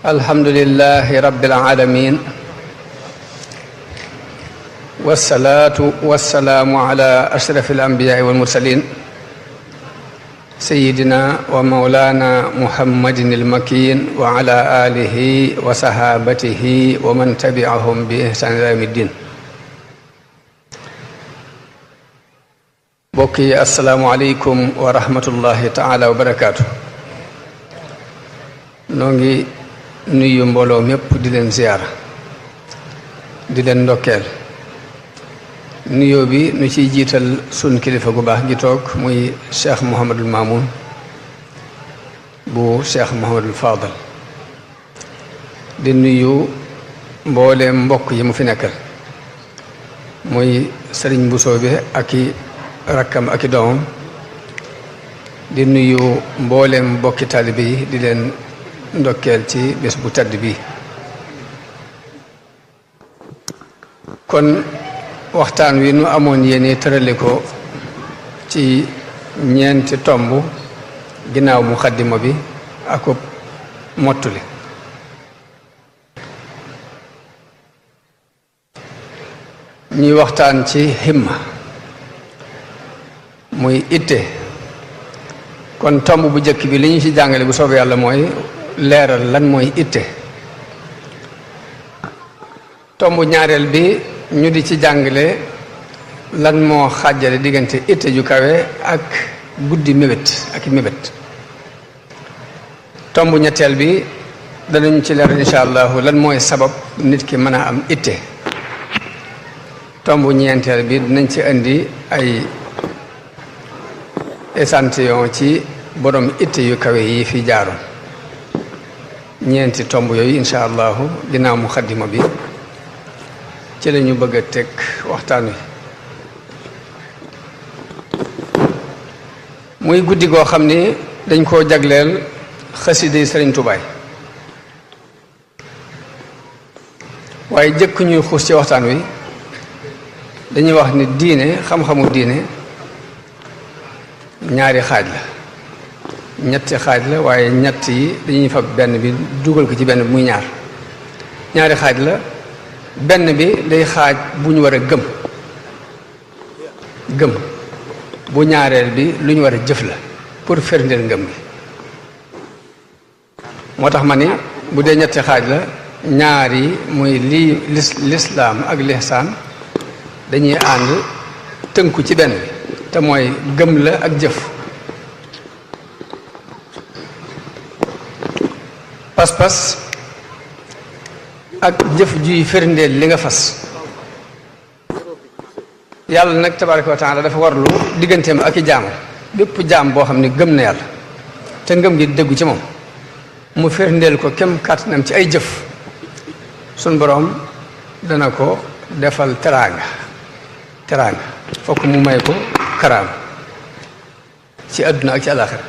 alhamdulilahi rabbil alamin wasalaatu wasalaamu ala ashraf alambiyaai walmursalin sayidina wa maulana muhammadin almakin wa ala alihi wa sahabatihi wa man tabiahum bi ihsan ila yawmi ddin mbokk yi asalaamu aleykum wa rahmatullahi taala wa barakaatu noo ngi nuyu mbooloo mépp di leen ziyaara di leen ndokkeel nuyoo bi nu ciy jiital sun kilifa gu baax gi toog muy cheikh Mouhamadul Mamoun bu cheikh Mouhamadul Fadal di nuyu mbooleem mbokk yi mu fi nekkal muy sëriñ Bousso bi ak i rakkam ak i doomam di nuyu mbooleem mbokki taalibe yi di leen ndokkeel ci bés bu tëdd bi kon waxtaan wi nu amoon yéene tërale ko ci ñeenti tomb ginnaaw xaddima bi ak mottuli ñuy waxtaan ci himma muy itte kon tomb bu jëkk bi li ñu ci jàngale bu soobee yàlla mooy leeral lan mooy itte tomb ñaareel bi ñu di ci jàngale lan moo xàjjale diggante itte yu kawe ak guddi mébét ak mébét tomb ñetteel bi danañ ci leeral incha allahu lan mooy sabab nit ki mën a am itte tomb ñeenteel bi dinañ ci indi ay échantillon ci borom itte yu kawe yi fi jaaroon ñeenti tomb yooyu incha allahu ginnaaw muxaddima bi ci lañu bëgg a teg waxtaan wi muy guddi goo xam ni dañ koo jagleel xaside sëriñ tubaay waaye jëkk ñuy xuus ci waxtaan wi dañuy wax ni diine xam-xamu diine ñaari xaaj la ñetti xaaj la waaye ñett yi dañuy fab benn bi dugal ko ci benn bi muy ñaar ñaari xaaj la benn bi day xaaj bu ñu war gëm gëm bu ñaareel bi lu ñu war a jëf la pour ferndeel ngëm gi moo tax ma ni bu dee ñetti xaaj la ñaar yi muy lii lislaam ak lihsaan dañuy ànd tënku ci benn bi te mooy gëm la ak jëf pas-pas ak jëf juy firndeel li nga fas yàlla nag tabaraka wa dafa warlu digganteem ak i jaam bépp jaam boo xam ne gëm na yàlla te ngëm ngi déggu ci moom mu firndeel ko kem kàttanam ci ay jëf sun borom dana ko defal teraanga teraanga fokk mu may ko karaam ci àdduna ak ci àllaaxira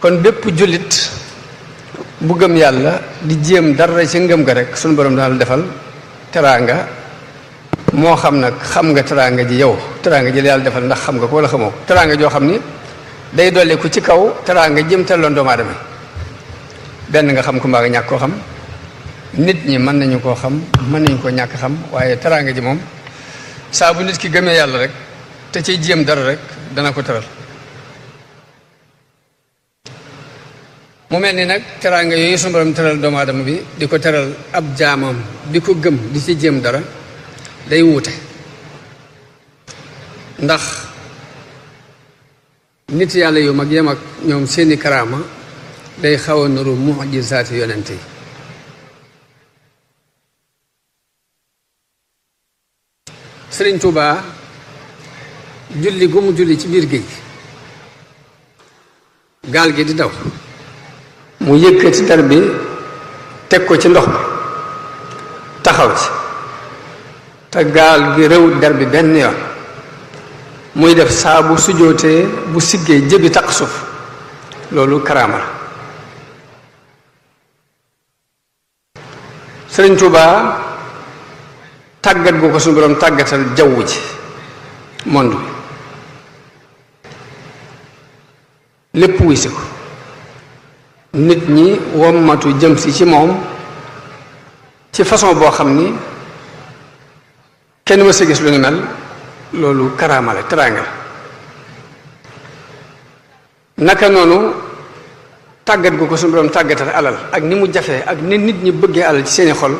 kon bépp jullit bu gëm yàlla di jéem dara ci ngëm ga rek sunu borom daal defal teraanga moo xam nag xam nga teraanga ji yow teraanga ji la yàlla defal ndax xam nga ko wala xamoo ko teraanga joo xam ni day dolliku ci kaw teraanga jëm telloon doomu aadama benn nga xam ko mbaa nga ñàkk koo xam nit ñi mën nañu koo xam mën nañu koo ñàkk xam waaye teraanga ji moom saa bu nit ki gëmee yàlla rek te ciy jéem dara rek dana ko teral mu mel ni nag teraanga yooyu sunu borom teral doomaadama bi di ko teral ab jaamam bi ko gëm di ci jéem dara day wuute ndax nit yàlla yu mag yem ñoom seeni karaama day xaw a nuru mujisaati yonent yi Sëriñ Tuubaa julli gu mu julli ci biir géej gaal gi di daw mu yëkkati der bi teg ko ci ndox mi taxaw ci te gaal gi réew der bi benn yoon muy def saabu bu sujootee bu siggee jëbi taq suuf loolu karaama la Sëriñ Tuubaa tàggat gu ko suñu borom tàggatal jaww ci monde lépp wuy si ko nit ñi wommatu jëm si ci moom ci façon boo xam ni kenn ma sa gis lu ni mel loolu karaama la naka noonu tàggat gu ko suñu borom tàggatal alal ak ni mu jafee ak ni nit ñi bëggee alal ci seeni xol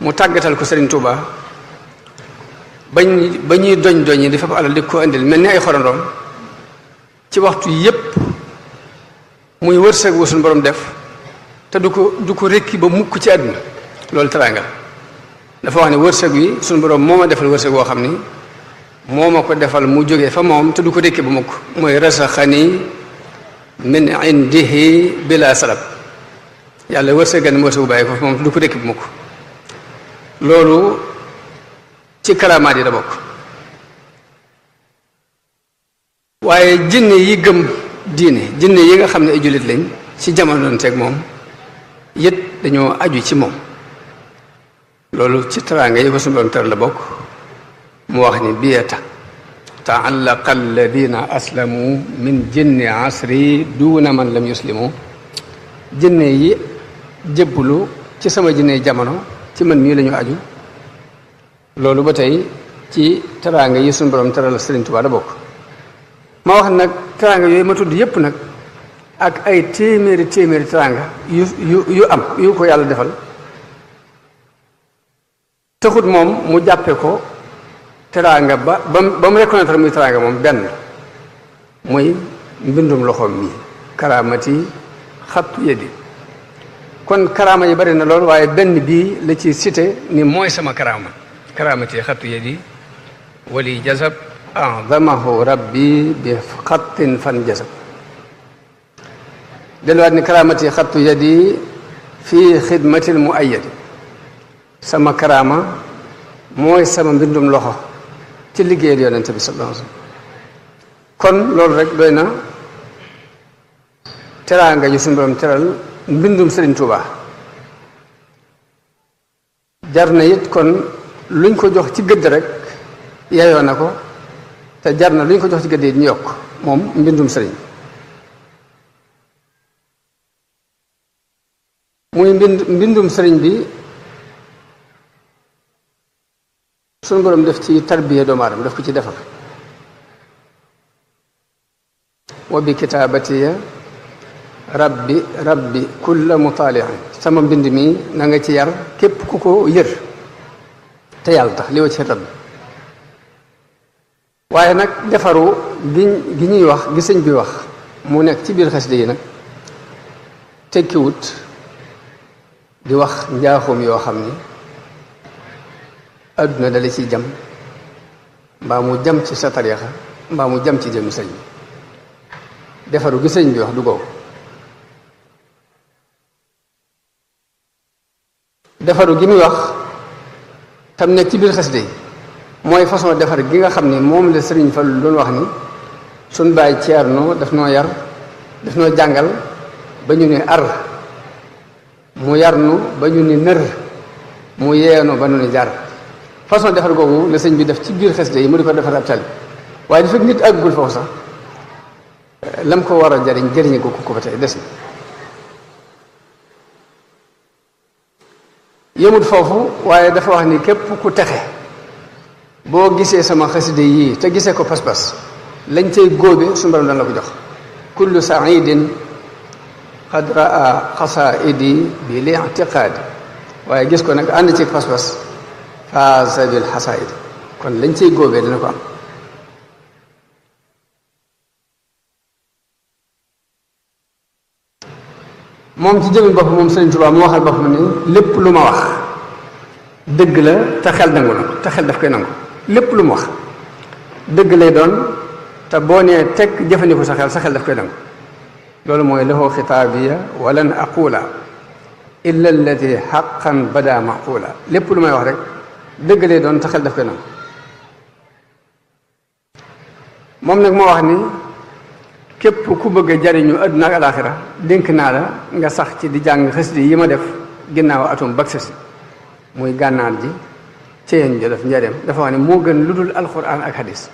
mu tàggatal ko Serigne Touba bañ ba ñuy doñ doñi di fab alal di ko indil mel ni ay xorandoom ci waxtu yépp muy wërsëg wu suñu borom def te du ko du ko rekki ba mukk ci àdduna loolu teraanga dafa wax ne wërsëg wi suñu borom moo ma defal wërsëg woo xam ni moo ma ko defal mu jóge fa moom te du ko rekki ba mukk mooy rasaxani min indihi bila salab yàlla wërsëgan wërsëgu bàyyi ko fa moom du ko rekki ba mukk loolu ci karaamaat yi da bokk waaye jinne yi diine jinne yi nga xam ne ay jullit lañ ci jamono jamonoonteeg moom yët dañoo aju ci moom loolu ci teraanga yi ko suñu borom ter la bokk mu wax ni biyata taallaqa alladina aslamu min jinni asri duuna man lam yuslimu jinne yi jébbalu ci sama jinne jamono ci man mii lañu ñu aju loolu ba tey ci teraanga yi suñu borom teral Sëriñ Tuubaa la bokk ma wax nag teraanga yooyu ma tudd yépp nag ak ay téeméeri téeméeri teraanga yu yu yu am yu ko yàlla defal taxut moom mu jàppe ko teraanga ba ba ba mu reconnaître muy teraanga moom benn muy mbindum loxoom mi karaamati xattu yeddi kon karaama yi bari na loolu waaye benn bii la ci site ni mooy sama karaama karaamati xattu yeddi wali jazab adamahu rabbi bi xattin fan jasab delluwaat ni karaamati xattu yadi fii xidmatil mu ayyadi sama karaama mooy sama mbindum loxo ci liggéeyal yonente bi sallallahu alayhi wasallam kon loolu rek doy na teraanga ju suñu borom teral mbindum Sëriñ Tuuba jar na it kon luñ ko jox ci gëdd rek yayoo na ko te jar na lu ñu ko jox ci gëdd ñu yokk moom mbindum sëriñ muy mbindum sëriñ bi suñu borom def ci tarbiya doomu aadama daf ko ci defar wa bi kitaabatiya rabbi rabbi kulla mutaalixin sama mbind mi na nga ci yar képp ku ko yër te yàlla tax li wa ci rabbi waaye nag defaru gi gi ñuy wax gi bi wax mu nekk ci biir xasida yi nag tekkiwut di wax njaaxum yoo xam ni adduna dala ci jam mbaa mu jam ci sa tariixa mbaa mu jam ci jëm sëñ bi defaru gi bi wax du googu defaru gi muy wax tam nekk ci biir xasida yi mooy façon defar gi nga xam ni moom la sëriñ lu doon wax ni suñ bàyyi ceerno daf noo yar daf noo jàngal ba ñu ne ar mu yar nu ba ñu ni nër mu yeenu ba ñu ni jar façon defar googu la sëñ bi def ci biir xesde yi mu di ko defar ab tali waaye dafa nit àggul foofu sax lam ko war a jariñ jëriñi ko ko ba tey des na yëmut foofu waaye dafa wax ni képp ku texe boo gisee sama xasida yii te gisee ko pas-pas lañ tey góobe su mbaram dana la ko jox kullu saidin qad raa xasaidi bi li'tiqaadi waaye gis ko nag ànd ci pas-pas faasa bil xasaid kon lañ tey góobee dina ko am moom ci jëmmi bopp moom Sëriñ Tuubaa mu waxal boppam ni lépp lu ma wax dëgg la te xel nangu na te xel daf koy nangu lépp lu mu wax dëgg lay doon te boo nee teg jëfandiku sa xel sa xel daf koy nangu loolu mooy lahu xitaabiya walan aqula illa allati xaqan bada maqula lépp lu may wax rek dëgg lay doon te xel daf koy nangu moom nag moo wax ni képp ku bëgg jariñu àdduna ak alaaxira dénk naa la nga sax ci di jàng xës yi ma def ginnaaw atum bac si muy gànnaar ji ci yéen ja njareem dafa wax ne moo gën lu dul alxuraan ak hadis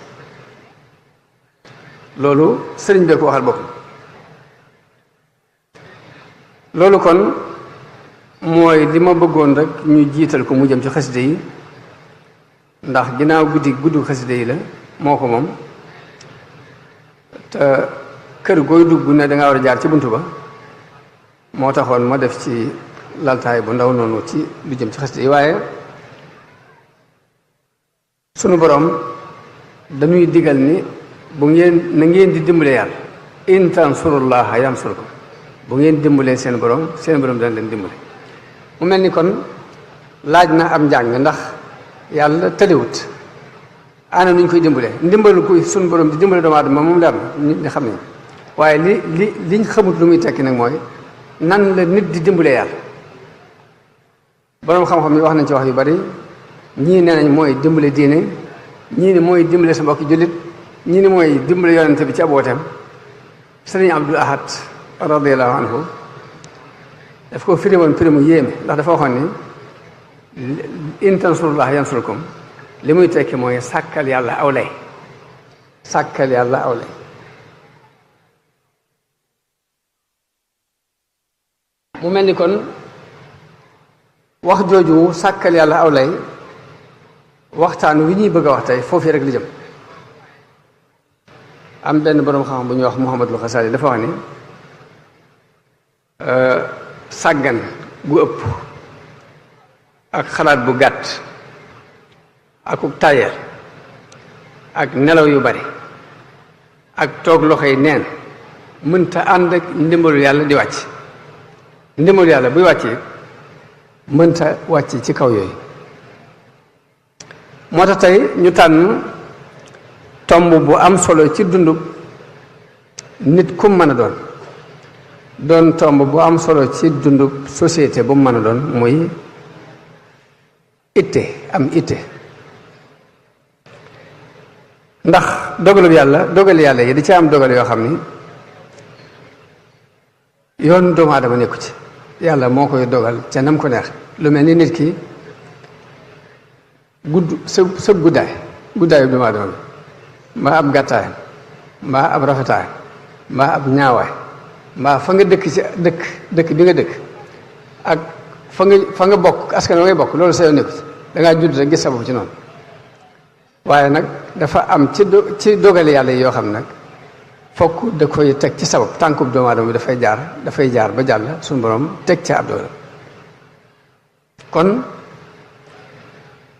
loolu sëriñ bee ko waxal boppam loolu kon mooy li ma bëggoon rek ñu jiital ko mu jëm ci xaside yi ndax ginnaaw guddi guddu xaside yi la moo ko moom te kër gooy dugg ne danga war a jaar ci bunt ba moo taxoon ma def ci laltaay bu ndaw noonu ci lu jëm ci xaside yi waaye sunu boroom dañuy digal ni bu ngeen na ngeen di dimbale yàlla in tansurullaha yansurkum bu ngeen dimbalee seen borom seen borom dana leen dimbale mu mel ni kon laaj na am njàng ndax yàlla tëlewut ana nu ñu koy dimbalee ndimbalu kuy sunu borom di dimbale doomu aadama moom la am ñu xam ne waaye li li liñ xamut lu muy tekki nag mooy nan la nit di dimbalee yàlla boroom xam-xam yi wax nañ ci wax yu bari ñii nee nañ mooy dimbale diine ñii ne mooy dimbale sa mbokki jullit ñii ne mooy dimbale yonente bi ci abooteem sëriñ Abdul Ahad radiallahu anhu daf ko firi woon firi mu yéeme ndax dafa waxoon ni li muy tekki mooy sàkkal yàlla aw lay mel ni kon wax jooju sàkkal yàlla aw lay waxtaan wi ñuy bëgg a wax tey foofu rek li jëm am benn boroom xam bu ñuy wax Muhammadul Xasaali dafa wax ni euh, sàggan gu ëpp ak xalaat bu gàtt akuk tayel ak nelaw yu bari ak toog loxo yi neen mënta ànd ak ndimbalu yàlla di wàcc ndimbalu yàlla buy wàcc mënta wàcc ci kaw yooyu moo tax tey ñu tànn tomb bu am solo ci dundub nit ku mën a doon doon tomb bu am solo ci dundub société bu mën a doon muy itte am itte ndax dogalub yàlla dogal yàlla yi di ci am dogal yoo xam ni yoon doomu aadama nekku ci yàlla moo koy dogal ca nam ko neex lu mel ni nit ki gudd sa sa guddaay guddaayu doomu aadama bi maa ab gàttaay maa ab rafetaay maa ab ñaawaay maa fa nga dëkk ci dëkk dëkk bi nga dëkk ak fa nga fa nga bokk askan wa bokk loolu sa yoon nekku da ngaa judd rek gis sa ci noonu waaye nag dafa am ci ci dogale yàlla yoo xam nag fokk da koy teg ci sabab tànkub doomu aadama bi dafay jaar dafay jaar ba jàll suñu borom teg ca ab doole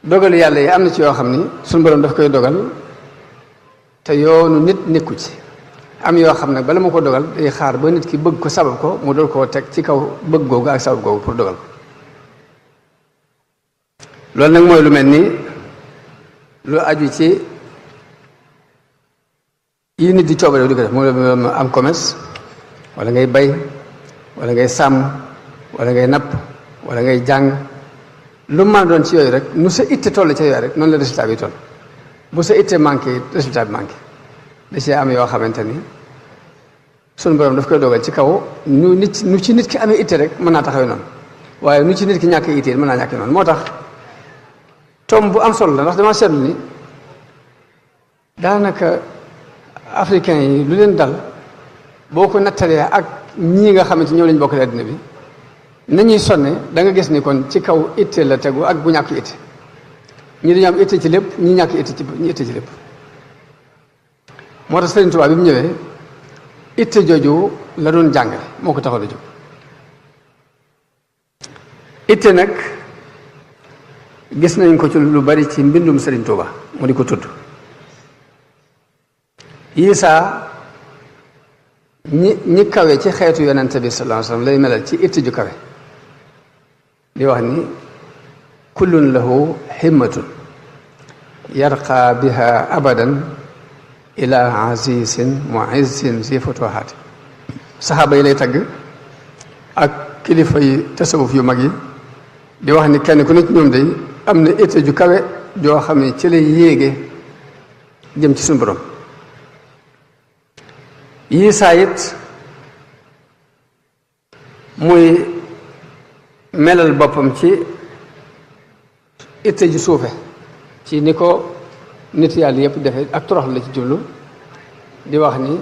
dogal yàlla yi am na ci yoo xam ni suñu borom dafa koy dogal te yoonu nit nekku ci am yoo xam ne bala ma ko dogal day xaar ba nit ki bëgg ko sabab ko mu dool koo teg ci kaw bëgg googu ak sabab googu pour dogal ko loolu nag mooy lu mel ni lu aju ci yi nit di coobare di ko def moom am commerce walla ngay bay walla ngay sàmm walla ngay napp walla ngay jàng lu man doon ci yooyu rek nu sa itte toll ca yooyu rek noonu la résultat bi toll bu sa itte manqué résultat bi manqué da cee am yoo xamante ni sunu borom daf koy dogal ci kaw nu nit nu ci nit ki amee itte rek mën naa taxawee noon waaye nu ci nit ki ñàkk itte mën naa ñàkk noonu moo tax tom bu am solo la ndax dama seetlu ni naka africain yi lu leen dal boo ko nattalee ak ñii nga xamante ñoo lañ bokkale addina bi ni ñuy sonne da nga gis ni kon ci kaw itte la tegu ak bu ñàkk itte ñi dañu am itte ci lépp ñi ñàkk itte ci ñi ci lépp moo tax Sëriñ Tuubaa bi mu ñëwee itte jooju la doon jàngale moo ko taxaw a jóg itte nag gis nañ ko ci lu bari ci mbindum Sëriñ Tuubaa mu di ko tudd Isaa ñi ñi kawe ci xeetu yonente bi sallallahu lay melal ci itte ju kawe di wax ni kullun lahu himmatun yarqa biha abadan ila azizin muizzin si futuhaati saxaaba yi lay tagg ak kilifa yi yu mag yi di wax ni kenn ku ne ci ñoom day am na état ju kawe joo xam ne ci lay yéege jëm ci suñu borom yii saa it muy melal boppam ci itte ji suufe ci ni ko nit yàlla yëpp defe ak torox la ci jullu di wax ni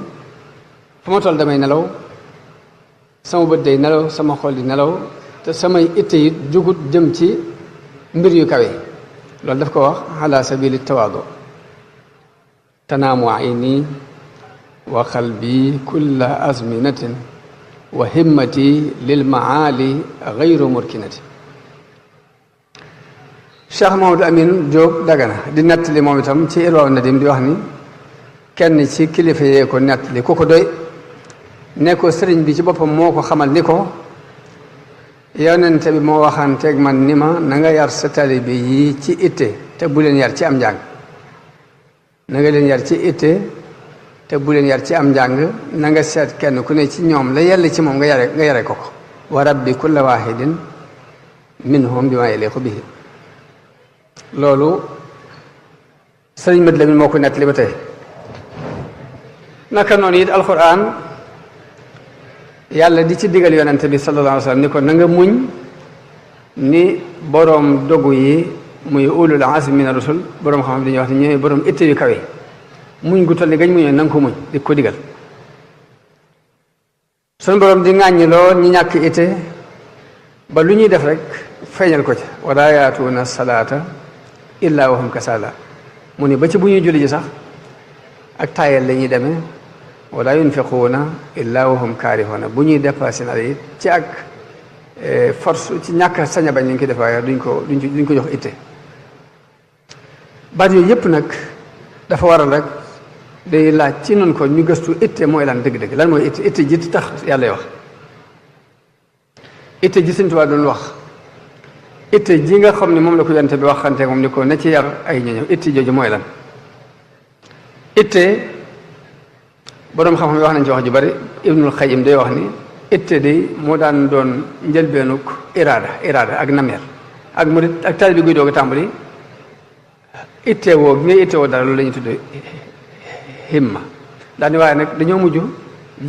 fu ma toll damay nelaw sama bët day nelaw sama xol di nelaw te samay itte yi jugut jëm ci mbir yu kawe loolu daf ko wax ala sabili tawaado tanaamu ayni wa qalbi kulla azminatin wa himmati lil maali gayru murkinati cheikh mahamadou amin Diop dagana di nettali moom itam ci irwaaw nadim di wax ni kenn ci kilifa yeeko ko nettali ku ko doy ne ko sëriñ bi ci boppam moo ko xamal ni ko nen bi moo waxanteeg man ni ma na yar sa taalibe yi ci itte te bulen yar ci am njàng na nga yar ci itte te bu leen yar ci am njàng nanga nga seet kenn ku ne ci ñoom la yàlla ci moom nga yare nga yare ko ko wa rabbi kulla wahidin minhum bi ma yeleeku bihi loolu sëriñ mët lamin moo ko nettali ba tey naka noonu it alquran yàlla di ci digal yonente bi sallallahu alayhi wa sallam ni ko na nga muñ ni boroom dogu yi muy ulul azmi mina rusul boroom xam-xam dañuy wax ne ñooy boroom itte yu kawe muñ gu toll ni gañ muñoon na nga ko muñ di ko digal suñu borom di ŋàññi lool ñi ñàkk ite ba lu ñuy def rek feeñal ko ci wala yaatuuna salaata illa wahum kasala mu ni ba ci bu ñuy julli ji sax ak taayal la ñuy demee wala yunfiquuna illa wahum kaarihuuna bu ñuy dépassé na it ci ak e, force ci ñàkk sañ bañ ñu koy def waaye duñ ko duñ ko jox itte baat yooyu yëpp nag dafa waral rek day laaj ci nun ko ñu gëstu itte mooy lan dëgg-dëgg lan mooy itte itte ji tax yàlla wax itte ji Sëñ Tuubaa doon wax itte ji nga xam ne moom la ko yonte bi waxante moom ni ko na ci yar ay ñoñam itte jooju mooy lan itte boroom xam-xam yi wax nañ ci wax ju bari Ibnul Qayyim day wax ni itte de moo daan doon njëlbeenuk iraada iraada ak nameer ak murit ak taalibe bi guy doog a tàmbali itte woo bi ngay itte woo dara loolu la ñuy tuddee himma daani waaye nag dañoo mujj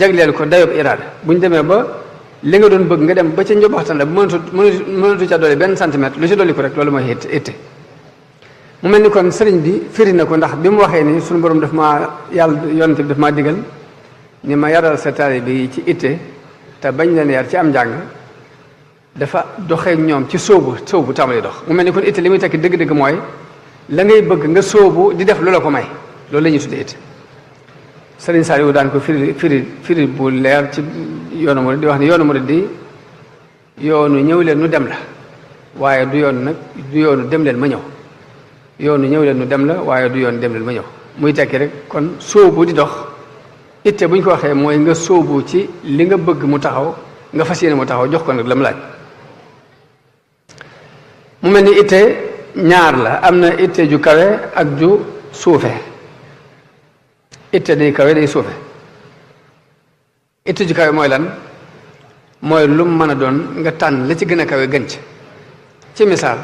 jagleel ko dayob iraada bu ñu demee ba li nga doon bëgg nga dem ba ca njobaxtan la mënatu mënatu ca dolli benn centimètre lu ci dolli ko rek loolu mooy itte itte mu mel ni kon sëriñ bi firi na ko ndax bi mu waxee ni suñu borom daf maa yàlla yonante bi daf maa digal ni ma yaral sa taali bi ci itte te leen yar ci am njàng dafa doxee ñoom ci sóobu sóobu tàmbali dox mu mel ni kon itte li muy tekki dëgg-dëgg mooy la ngay bëgg nga sóobu di def lu la ko may loolu la ñuy tudde itte Sëriñ Saaliw daan ko firi firi firi bu leer ci yoonu murid di wax ne yoonu murid di yoonu ñëw leen nu dem la waaye du yoon nag du yoonu dem leen ma ñëw yoonu ñëw leen nu dem la waaye du yoon dem leen ma ñëw muy tekki rek kon sóobu di dox itte bu ñu ko waxee mooy nga sóobu ci li nga bëgg mu taxaw nga fas yéene mu taxaw jox ko nag la mu laaj mu mel ni ite ñaar la am na ite ju kawe ak ju suufe itte day kawe day suufe itte ju kawe mooy lan mooy lu mu mën a doon nga tànn la ci gën a kawe gën ci ci misaal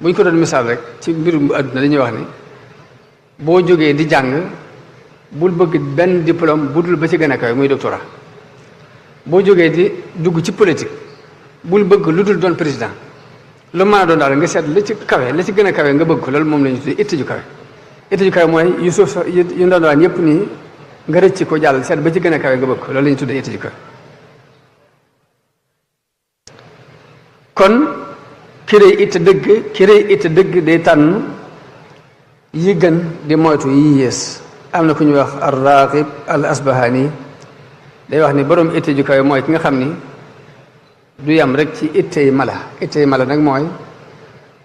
bu ñu ko doon misaal rek ci mbirum àdduna dañuy wax ni boo jógee di jàng bul bëgg benn diplôme bu dul ba ci gën a kawe muy doctorat boo jógee di dugg ci politique bul bëgg lu dul doon président lu mën a doon daal nga seet la ci kawe la ci gën a kawe nga bëgg ko loolu moom la ñu tuddee itte ju kawe ittaju kawe mooy yu suuf yu ndondowaan yëpp nii nga rëcc ko jàll seet ba ci gën a kawe nga bëgg loolu la ñu tuddee ittaju kawe kon ki réy itte dëgg day tànn yi gën di moytu yi yées am na ku ñuy wax al al asbahani day wax ni boroom itte ju kawe mooy ki nga xam ni du yam rek ci ittey mala ittey mala nag mooy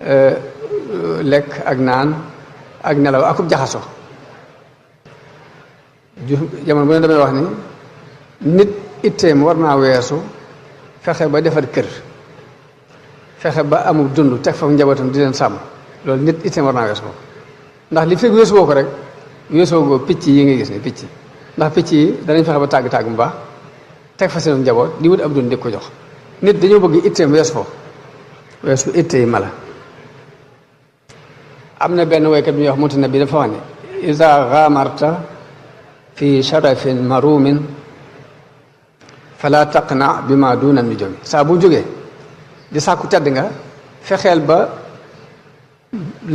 euh, lekk ak naan ak nelaw akub jaxaso ju jamono bu ne damay wax ni nit itteem war naa weesu fexe ba defar kër fexe ba amul dund teg foofu njabootam di leen sàmm loolu nit itteem war naa weesu ko ndax li fekk weesuwoo ko rek weesuwoo ko picc yi nga gis ni picc ndax picc yi danañ fexe ba tàgg tàgg mu baax teg fa seen njaboot di wut ab dund di ko jox nit dañoo bëgg itteem weesu ko weesu yi mala am na benn woykat bi ñuy wax muti na bi dafa wax ne isa xaamarta fi sharafin marumin fala taqna bi ma duna nujomi saa bu jógee di sàkku tedd nga fexeel ba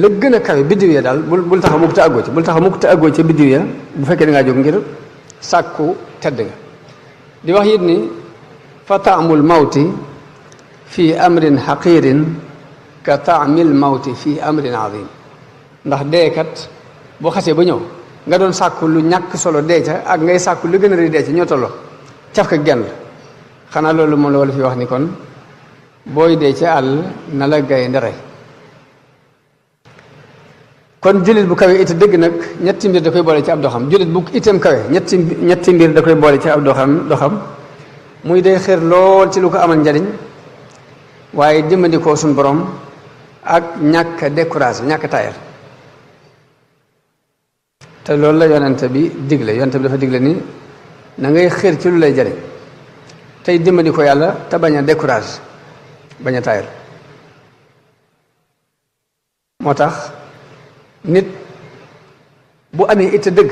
la gën a kawe biddiw ya daal bul bul taxa mukk te àggoo ci bul taxa mukk te àggoo ci biddiw ya bu fekkee da ngaa jóg ngir sàkku tedd nga di wax it ni fa taamul mawti fi amrin xaqirin ka taamil mawti fi amrin azim ndax deekat boo xasee ba ñëw nga doon sàkk lu ñàkk solo dee ak ngay sàkku lu gën a rëy dee ca ñoo tolloo caf ka genn xanaa loolu moom la wala fi wax ni kon booy dee ca àll na la gay ndere kon jullit bu kawe it dëgg nag ñetti mbir da koy ci ab doxam jullit bu itam kawe ñetti ñetti mbir da koy boole ci ab doxam doxam muy day xër lool ci lu ko amal njariñ waaye dimbandikoo suñu borom ak ñàkk découragé ñàkk tayal te loolu la yonent bi digle yonent bi dafa digle ni na ngay xër ci lu lay jariñ tey dimbali ko yàlla te bañ a décourage bañ a taayal moo tax nit bu amee itte dëgg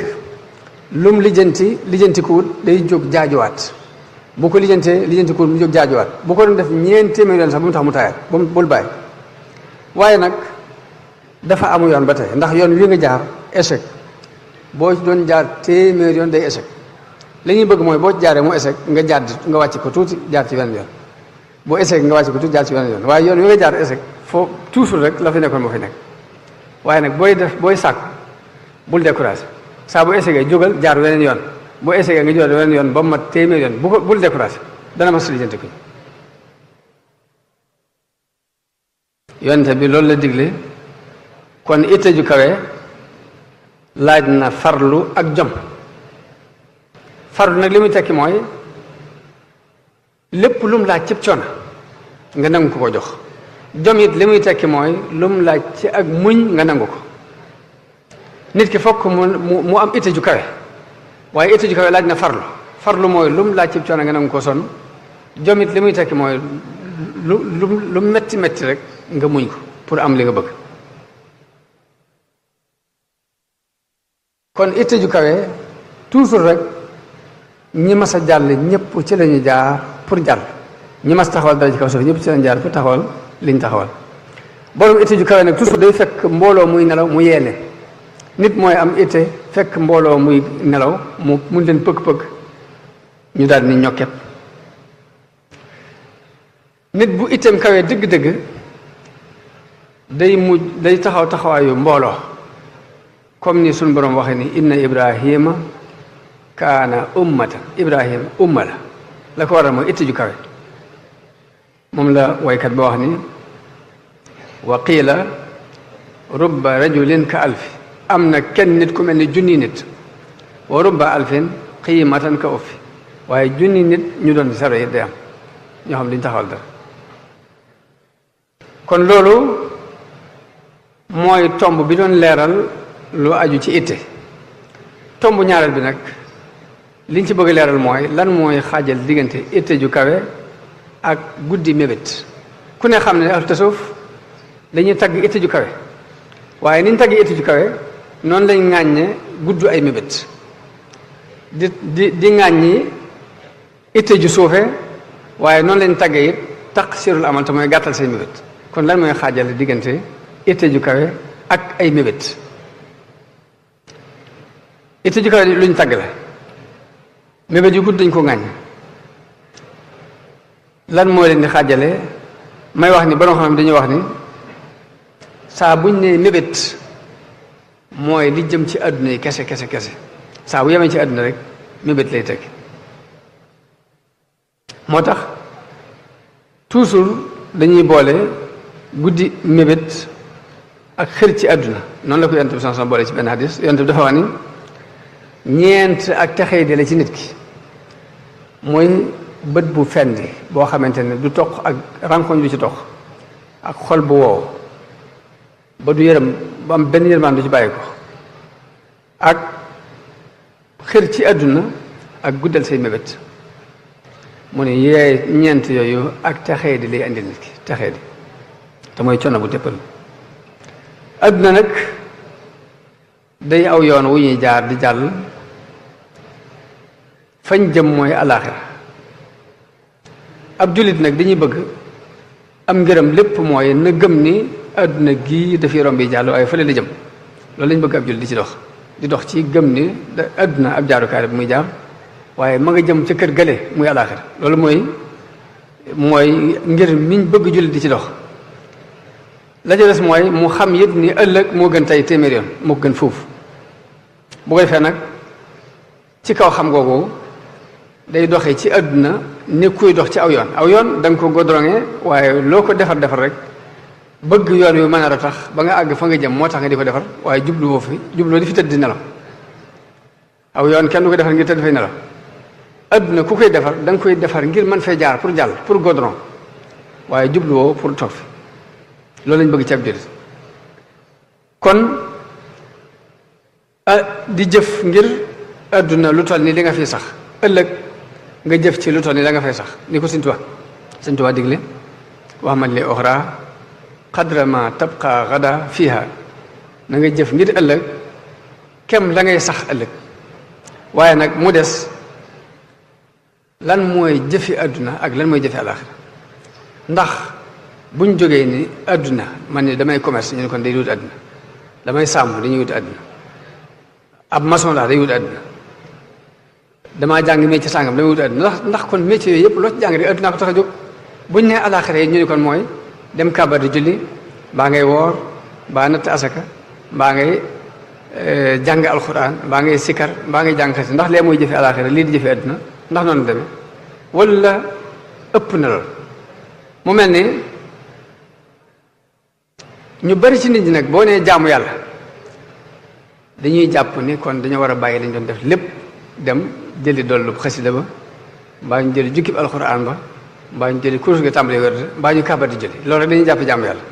lum lijjanti lijjantikuwut day jóg jaajuwaat bu ko lijjantee lijjantikuwut mu jóg jaajuwaat bu ko doon def ñeenti téeméer yoon sax bu mu tax mu taayal bu mu bul bàyyi waaye nag dafa amu yoon ba tey ndax yoon wi nga jaar échec boo doon jaar téeméer yoon day échec li ñuy bëgg mooy boo jaaree mu échec nga jaar nga wàcc ko tuuti jaar ci benn yoon boo échec nga wàcc ko jaar ci yoon waaye yoon wi nga jaar échec foo toujours rek la fi nekkoon moo fi nekk waaye nag booy def booy sàkk bul découragé saa bu échecgee jógal jaar weneen yoon boo échecgee nga jógal weneen yoon ba mu mat téeméer yoon bu ko bul découragé dana ma sulijante ko yonte bi loolu la digle kon itte kawe laaj na farlu ak jom farlu nag li muy tekki mooy lépp lum laaj cib coono nga nangu ko ko jox jom it li muy tekki mooy lum laaj ci ak muñ nga ko nit ki fokk mu mu am itte kawe waaye itte ju kawe laaj na farlu farlu mooy lum laaj cib coono nga nangu ko son jom it li muy tekki mooy lu lu lu metti metti rek nga muñ ko pour am li nga bëgg kon itte ju kawe toujours rek ñi mas a jàll ñëpp ci la ñu jaar pour jàll ñi mas taxawal dara ci kaw suuf ñëpp ci la ñu jaar pour taxawal liñ taxawal borom itte ju kawe nag toujours day fekk mbooloo muy nelaw mu yeele nit mooy am itte fekk mbooloo muy nelaw mu mu leen pëkk-pëkk ñu daal ni ñokket nit bu itteem kawee dëgg-dëgg day mujj day taxaw taxawaayu mbooloo comme ni suñ borom waxee ni inna ibrahima kaana ummata ibrahima umma la la ko waral mooy itti ju kawe moom la waykat ba wax wa qiila rubba rajulin ka alfi am na kenn nit ku mel ni junni nit wa rubba alfin qiimatan ka uffi waaye junni nit ñu doon saro yi day am ñoo xam duñ taxawal dara kon loolu mooy tomb bi doon leeral lu aju ci itte tomb ñaareel bi nag liñ ci bëgg leeral mooy lan mooy xaajal diggante itte ju kawe ak guddi mébét ku ne xam ne ahlu tasawuf dañuy tagg itte ju kawe waaye niñ tagg itte ju noonu lañ ŋàññe gudd ay mébét di di ju suufe waaye noonu lañ tagge taq taqsirul amal te mooy gàttal say mébét kon lan mooy xaajal diggante itte ju kawe ak ay mébét itte ju kawe luñ tàgg la mébét yu gudd dañ ko ŋàññ lan mooy leen di xaajale may wax ni borom xam dañuy wax ni saa buñ ne mébét mooy li jëm ci àdduna yi kese kese kese saa bu yemee ci àdduna rek mébét lay teg moo tax toujours dañuy boole guddi mébét ak xër ci àdduna noonu la ko yonent bi sanson boole ci benn hadis yonent bi dafa wax ni ñeent ak texey di la ci nit ki mooy bët bu fendi boo xamante ne du toq ak rankoñ du ci toq ak xol bu wow ba du yërëm ba am benn yërmaan du ci bàyyi ko ak xër ci àdduna ak guddal say mébét mu ne yee ñeent yooyu ak texey di lay indil nit ki texey di te mooy coono bu dëppal àdduna nag day aw yoon wu ñuy jaar di jàll fañ jëm mooy alaaxira ab jullit nag dañuy bëgg am ngërëm lépp mooy na gëm ni àdduna gii dafiy yorom bi jàll waaye fële la jëm loolu lañ bëgg ab jullit di ci dox di dox ci gëm ni àdduna ab jaarukaay bi muy jaar waaye ma nga jëm ca kër gale muy alaaxira loolu mooy mooy ngir miñ bëgg jullit di ci dox la ca des mooy mu xam yit ni ëllëg moo gën tey téeméer yoon moo gën foofu bu ko defee nag ci kaw xam googu day doxe ci àdduna ne kuy dox ci aw yoon aw yoon da nga ko godronge waaye loo ko defar defar rek bëgg yoon wi mën a tax ba nga àgg fa nga jëm moo tax nga di ko defar waaye jubluwoo fi jubloo di fi tëdd di nelaw aw yoon kenn du ko defar ngir tëdd fay nelaw ku koy defar da koy defar ngir mën fee jaar pour jàll pour godron waaye jubluwoo pour toog fi loolu lañ bëgg ci ab kon Ah, di jëf ngir àdduna lu toll nii li nga fiy sax ëllëg nga jëf ci lu toll ni la nga fay sax ni ko Sëñ Tuubaa Sëñ Tuubaa digle wax man li oxra qadra ma tabqa gada fiha na nga jëf ngir ëllëg kem la ngay sax ëllëg waaye nag mu des lan mooy jëfi àdduna ak lan mooy jëfi àlaxira ndax buñ jógee ni adduna man ni damay commerce ñu ne kon day wut adduna damay sàmm dañuy wut adduna ab mason laa day wut àdduna damaa jàng métier sàngam damay wut àdduna ndax ndax kon métier yooyu yëpp loo ci jàng rek àdduna ko tax a jóg buñ nee alaxira yi ñu ne kon mooy dem kàbbar di julli baa ngay woor baa natt asaka baa ngay eh, jàng alxuraan baa ngay sikar baa ngay jàng xasi ndax lee mooy jëfe alaxira lii di jëfe àdduna ndax noonu demee wala ëpp na mu mel ni ñu bari ci nit ñi nag boo nee jaamu yàlla dañuy jàpp ni kon dañoo war a bàyyi lañ doon def lépp dem jëli dollub xasida ba mbaa ñu jëli jukkib alxuraan ba mbaa ñu jëli kurus ga tàmbali wér mbaa ñu kabar di jëli loolu rek dañuy jàpp jàmm yàlla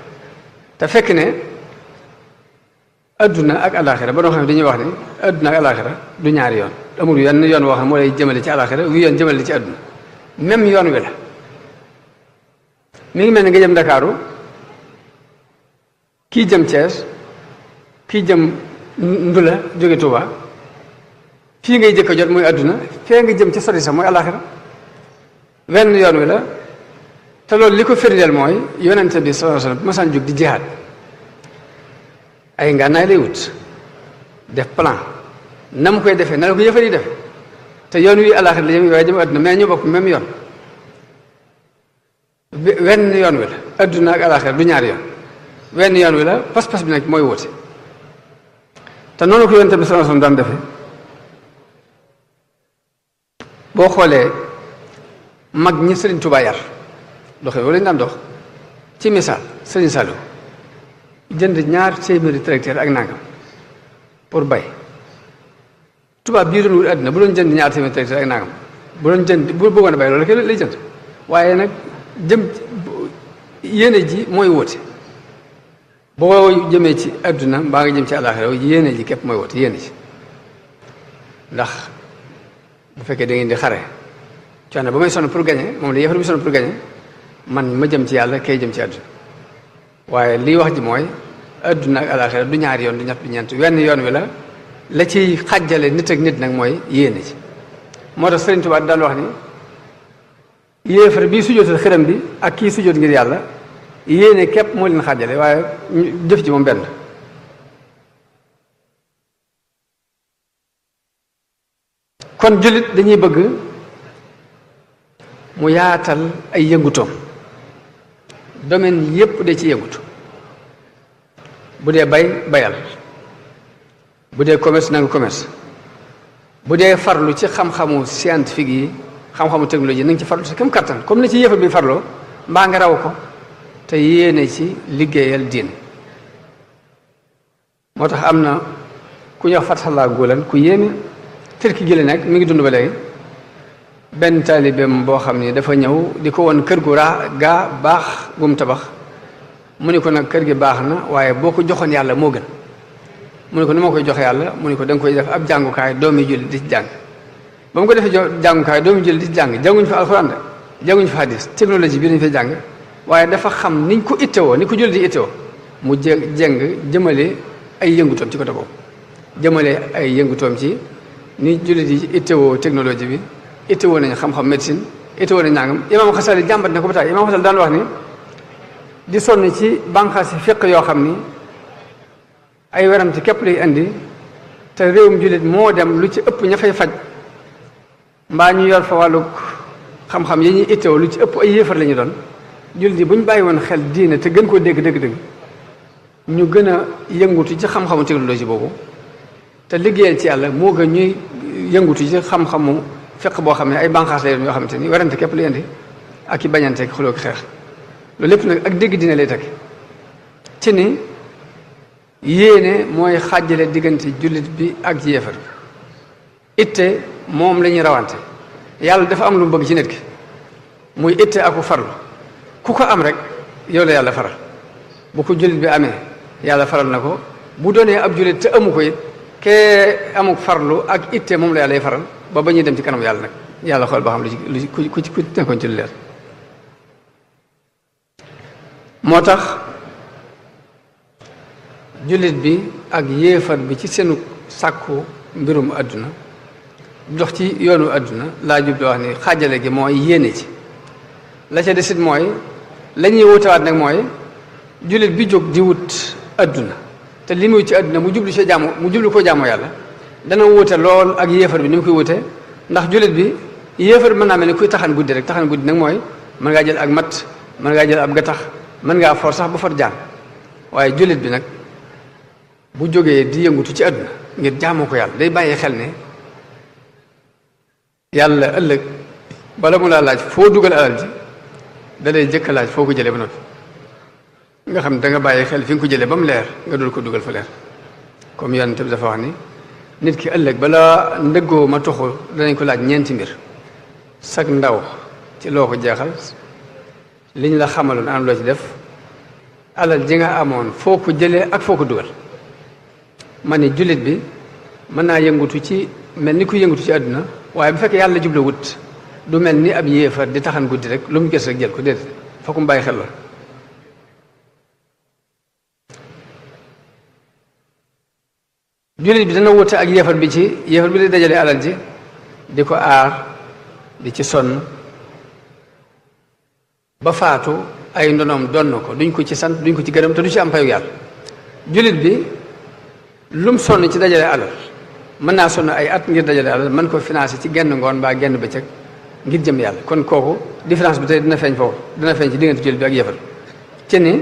te fekk ne adduna ak alaxira ba noo xam ne dañuy wax ni adduna ak alaxira du ñaari yoon amul yenn yoon woo moo lay jëmale ci alaxira wi yoon jëmale ci adduna même yoon wi la mi ngi mel ni nga jëm Ndakaaru kii jëm Thiès kii jëm ndula jóge Tuuba fii ngay jëkk a jot mooy àdduna fee nga jëm ca sori mooy alaaxira wenn yoon wi la te loolu li ko firndeel mooy yonente bi sallallahu alayhi wasallam bu ma di jihaad ay ngànnaay lay wut def plan na mu koy defee na la ko yëfar yi defe te yoon wii alaaxira la jëm waaye jëm àdduna mais ñu bokk même yoon wenn yoon wi la àdduna ak alaaxira du ñaari yoon wenn yoon wi la pas-pas bi nag mooy wute te noonu ko yonent bi sallallahu alayhi daan defe boo xoolee mag ñi sëriñ Tuubaa yar doxe wala ñu daan dox ci misaal sëriñ Saliou jënd ñaar téeméeri tracteur ak nangam pour bay tubaab bii doon wut àddina bu doon jënd ñaar téeméeri tracteur ak nangam bu doon jënd bu bëggoon a bay loolu kenn lay jënd waaye nag jëm yéene ji mooy wóote boo jëmee ci adduna mbaa nga jëm ci àllaaxira yéene ji képp mooy woote yéene ji ndax bu fekkee da ngeen di xare coono ba may sonn pour gagner moom la yéefar bi sonn pour gagner man ma jëm ci yàlla kay jëm ci adduna waaye lii wax ji mooy adduna ak àllaaxira du ñaari yoon du ñett du ñeent wenn yoon wi la la ciy xàjjale nit ak nit nag mooy yéene ji moo tax Sëriñ Tuubaa daal wax ni yéefar bii sujjóotal xërëm bi ak kii sujjóot ngir yàlla yéene képp moo leen xaajale waaye jëf ci moom benn kon jullit dañuy bëgg mu yaatal ay yëngutoom domaine yépp de ci yëngutu bu dee bay bayal bu dee commerce nanga commerce bu dee farlu ci xam-xamu scientifique yi xam-xamu technologie na ci farlu sa kam kattan comme na ci yëfat bi farloo mbaa ngi raw ko te yéene ci liggéeyal diin moo tax am na ku ñuy wax Fatxalaa Guulan ku yéeme Turki ki la nekk mi ngi dund ba léegi benn taalibeem boo xam ni dafa ñëw di ko won kër gu raa gaa baax gum tabax mu ni ko nag kër gi baax na waaye boo ko joxoon yàlla moo gën mu ni ko ni ma koy jox yàlla mu ni ko da koy def ab jàngukaay doomi julli di ci jàng ba mu ko defee jàngukaay doomi julli di ci jàng jànguñ fa alxuraan de jànguñ fa hadis technologie bi dañu fay jàng waaye dafa xam niñ ko ittewoo ni ko jël di ittewoo mu jë jëng jëmale ay yëngutoom ci côté boobu jëmale ay yëngutoom ci ni jullit yi ittewoo technologie bi ittewoo nañ xam-xam médecine ittewoo nañ nangam imaam Xasali jàmbat na ko ba taay imaam Xasali daan wax ni di sonn ci bànqaasi fiq yoo xam ni ay werante képp lay indi te réewum jullit moo dem lu ci ëpp ña fay faj mbaa ñu yor fa wàllu xam-xam yi ñuy ittewoo lu ci ëpp ay yéefar la ñu doon jullit yi bu ñu bàyyi woon xel diine te gën koo dégg dégg dégg ñu gën a yëngutu ci xam-xamu technologie boobu te liggéeyal ci yàlla moo gën ñuy yëngutu ci xam-xamu fekk boo xam ne ay banqaas la yoo xamante ni warante képp lu indi ak i bañante ak xuloo ak lépp nag ak dégg diine lay teg ci ni yéene mooy xàjjale diggante jullit bi ak yéefar itte moom lañuy rawante yàlla dafa am lu mu bëgg ci nit ki muy itte aku farlu ku ko am rek yow la yàlla faral bu ko jullit bi amee yàlla faral na ko bu doonee ab jullit te amu ko it kee amuk farlu ak itte moom la yàlla faral ba ba ñuy dem ci kanam yàlla nag yàlla xool ba xam lu ci lu ku ci ku ci nekkoon ci lu leer moo tax jullit bi ak yéefar bi ci seenu sàkku mbirum àdduna dox ci yoonu àdduna laa jub di wax ni xaajale gi mooy yéene ci la ca desit mooy la ñuy wutawaat nag mooy jullit bi jóg di wut adduna te li muy ci àdduna mu jublu ci jaamu mu jublu ko jaamu yàlla dana wute lool ak yéefar bi ni mu koy wute ndax jullit bi yéefar bi mën naa mel ni kuy taxan guddi rek taxan guddi nag mooy mën ngaa jël ak mat mën ngaa jël ab gattax mën ngaa for sax ba for jaan waaye jullit bi nag bu jógee di yëngutu ci adduna ngir jaamoo ko yàlla day bàyyi xel ne yàlla ëllëg bala mu laa laaj foo dugal alal ji da lay laaj foo ko jëlee ba noppi nga xam da nga bàyyi xel fi nga ko jëlee ba mu leer nga dul ko dugal fa leer comme yonent bi dafa wax ni nit ki ëllëg balaa ndëggoo ma toxu danañ ko laaj ñeenti mbir sag ndaw ci loo ko jeexal liñ la xamaloon am loo ci def alal ji nga amoon foo ko jëlee ak foo ko dugal ma ne jullit bi mën naa yëngutu ci mel ni ku yëngutu ci àdduna waaye bu fekk yàlla jubla wut du mel ni ab yéefar di taxan guddi rek lu mu gis rek jël ko déedéet fokkum bàyyi xel la jullit bi dana wute ak yéefar bi ci yéefar bi di dajalee alal ji di ko aar di ci sonn ba faatu ay ndonoom donn ko duñ ko ci sant duñ ko ci gërëm te du ci am payu yàlla jullit bi lum sonn ci dajale alal mën naa sonn ay at ngir dajale alal mën ko financé ci genn ngoon baa genn bëccëg ngir jëm yàlla kon kooku différence bi tey dina feeñ foofu dina feeñ ci diggante jullit bi ak yëfal ci ni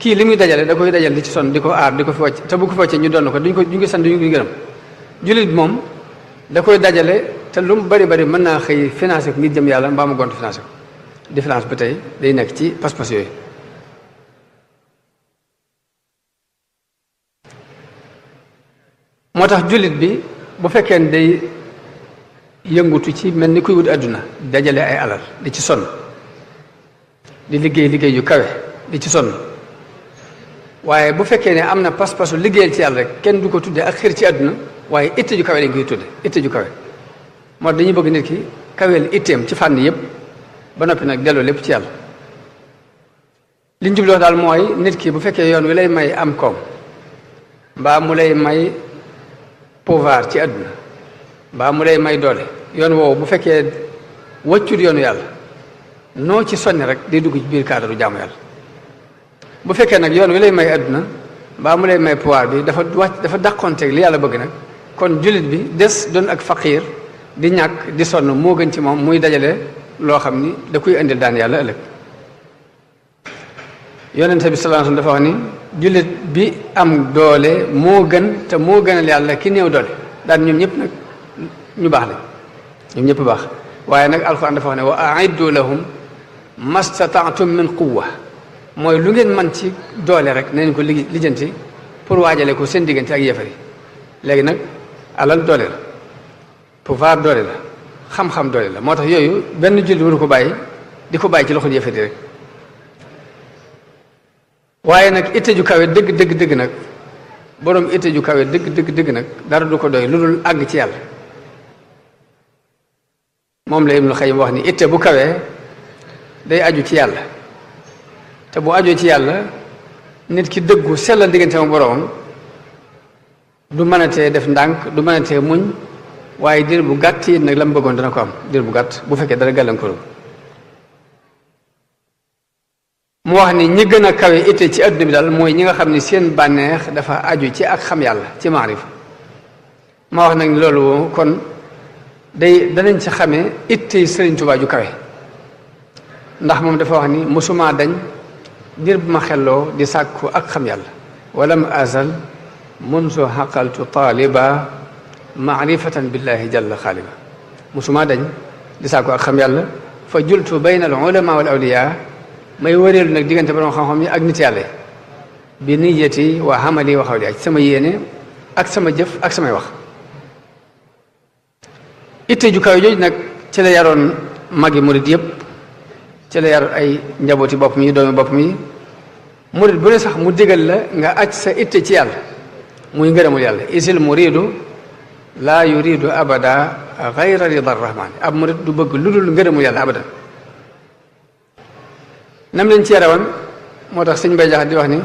kii li muy dajale da koy dajal di ci sonn di ko aar di ko fi wàcc te bu ko wàccee ñu donn ko duñ ko duñ ko sant ko gërëm jullit bi moom da koy dajale te lu mu bari bari mën naa xëy financé ko ngir jëm yàlla mbaa mu gont financé ko différence bi tey day nekk ci pas-pas yooyu moo tax yëngutu ci mel ni kuy wut àdduna dajale ay alal di ci sonn di liggéey liggéey ju kawe di ci sonn waaye bu fekkee ne am na pas-pasu liggéeyal ci yàlla rek kenn du ko tudde ak xër ci àdduna waaye itte ju kawe lañ koy tudde moo dañuy bëgg nit ki kaweel itteem ci fànn yëpp ba noppi nag delloo lépp ci yàlla li ñu jubloo daal mooy nit ki bu fekkee yoon wi lay may am koom mbaa mu lay may pouvoir ci àdduna mbaa mu lay may doole yoon woowu bu fekkee wàccut yoonu yàlla noo ci sonni rek day dugg ci biir cadre du yàlla bu fekkee nag yoon wi lay may àdduna mbaa mu lay may pouvoir bi dafa wàcc dafa dàqonteeg li yàlla bëgg nag kon jullit bi des doon ak faqiir di ñàkk di sonn moo gën ci moom muy dajale loo xam ni da koy indil daan yàlla ëllëg yonente bi sallallahu alayhi dafa wax ni jullit bi am doole moo gën te moo gënal yàlla ki néew doole daan ñoom ñëpp nag ñu baax la ñoom ñëpp baax waaye nag alxuraan dafa wax ne wa aiddu lahum mastataatum min quwa mooy lu ngeen man ci doole rek nañ ko li lijjanti pour waajale ko seen diggante ak yéefar léegi nag alal doole la pouvoir doole la xam-xam doole la moo tax yooyu benn julli waru ko bàyyi di ko bàyyi ci loxol yéefar rek waaye nag itte ju kawe dëgg dëgg dëgg nag boroom itte ju kawe dëgg dëgg dëgg nag dara du ko doy lu dul àgg ci yàlla moom la xay Xayyim wax ni itte bu kawee day aju ci yàlla te bu aju ci yàlla nit ki dëggu sellal diggante ma boroomam du mënatee def ndànk du mënatee muñ waaye diir bu gàtt yi nag la mu bëggoon dana ko am diir bu gàtt bu fekkee dara gàllankooru mu wax ni ñi gën a kawe itte ci adduna bi daal mooy ñi nga xam ni seen bànneex dafa aju ci ak xam yàlla ci maarifa ma wax nag ni loolu kon day danañ ci xamee ittey Sëriñ Tuubaa ju kawe ndax moom dafa wax ni mosuma dañ dir bu ma xelloo di sàkku ak xam yàlla walam azal munsu xaqaltu taaliba maarifatan billahi jalla xaaliba mosuma dañ di sàkku ak xam yàlla fa jultu bayna al ulama wal awliya may wëreelu nag diggante borom xam-xam yi ak nit yàlla bi niyati wa amali wa xawli ak sama yéene ak sama jëf ak samay wax itte ju kaw jooju nag ci la yaroon magi murit yëpp ci la yar ay njabooti bopp mi doomi bopp mi murit bu ne sax mu digal la nga aj sa itte ci yàlla muy ngërëmul yàlla isil muridu laa yuridu abada gayra rida rahmani ab murit du bëgg lu dul ngërëmul yàlla abadan nam leen ci yarawan moo tax sëñ bay jaxat di wax ni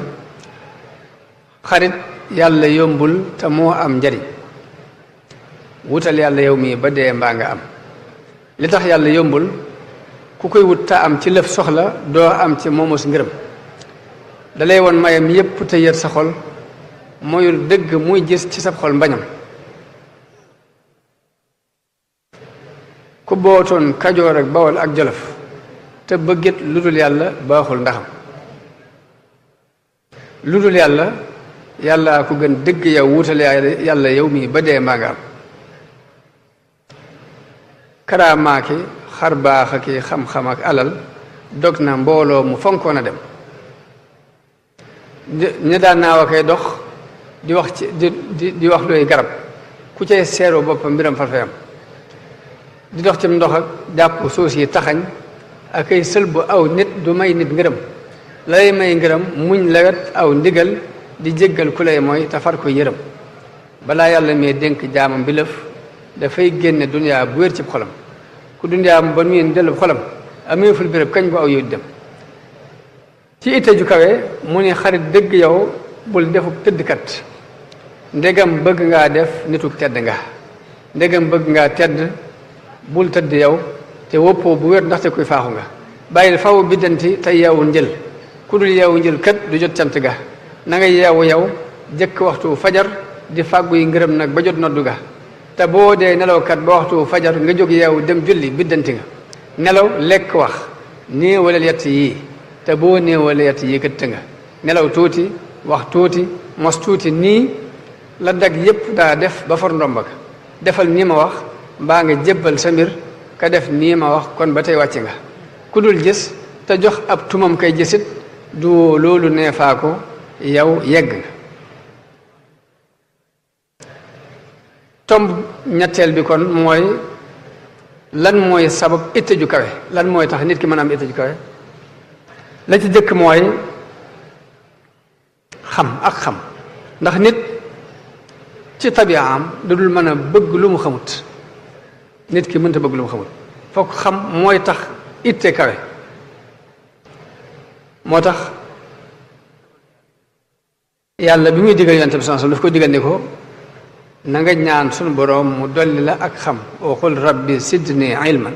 xarit yàlla yombul te moo am njariñ wutal yàlla yow mii ba dee mbaa nga am li tax yàlla yombul ku koy wut ta am ci lëf soxla doo am ci moomus ngërëm dalay woon mayam yépp te yër sa xol moyul dëgg muy gis ci sab xol mbañam ku bootoon kajoor ak bawol ak jolof te bëggit lu dul yàlla baaxul ndaxam lu dul yàlla yàlla ku gën dëgg yow wutal yàlla yow mii ba dee mbaa nga am karaamaaki xar baax aki xam-xam ak alal dog na mbooloo mu fonkoon a dem ña daan naaw akoy dox di wax ci di di wax looy garab ku cay seeroo boppam mbiram farfeyam di dox ci ndox ak jàpp suus yi taxañ ak ay sël bu aw nit du may nit ngërëm lay may ngërëm muñ lawet aw ndigal di jéggal ku lay mooy te far ko yërëm balaa yàlla mee dénk jaamam bi dafay génne duniyaa bu wér ci xolam ku duniyaam ba nuyen dellu xolam amee ful béréb kañ bu aw yow dem ci itte ju kawe mu ne xarit dëgg yow bul defub tëddkat ndegam bëgg ngaa def nituk tedd nga ndegam bëgg ngaa tedd bul tëdd yow te woppoo bu wér ndaxte kuy faaxu nga bàyyil faw biddanti te yeewu njël ku dul yeewu njël kat du jot cant ga nanga nga yeewu yow jëkk waxtu fajar di fàggu yi ngërëm nag ba jot noddu ga te boo dee nelawkat ba waxtu fajar nga jóg yeewu dem julli biddanti nga nelaw lekk wax néewalal yett yii te boo néewale yett yii këtt nga nelaw tuuti wax tuuti mos tuuti nii la dag yépp daa def ba far ndomba defal nii ma wax mbaa nga jébbal sa mbir ka def nii ma wax kon ba tey wàcc nga ku dul gis te jox ab tumam kay gisit du loolu neefaa ko yow yegg nga ñetteel bi kon mooy lan mooy sabab itte kawe lan mooy tax nit ki mën a am itte kawe la ci jëkk mooy xam ak xam ndax nit ci am lu dul mën a bëgg lu mu xamut nit ki mënta bëgg lu mu xamut fokk xam mooy tax itte kawe moo tax yàlla bi muy digal yonent bi sallallahu alayhi daf ko digal ko na nga ñaan sunu boroom mu dolli la ak xam waxul rabbi sidni ilman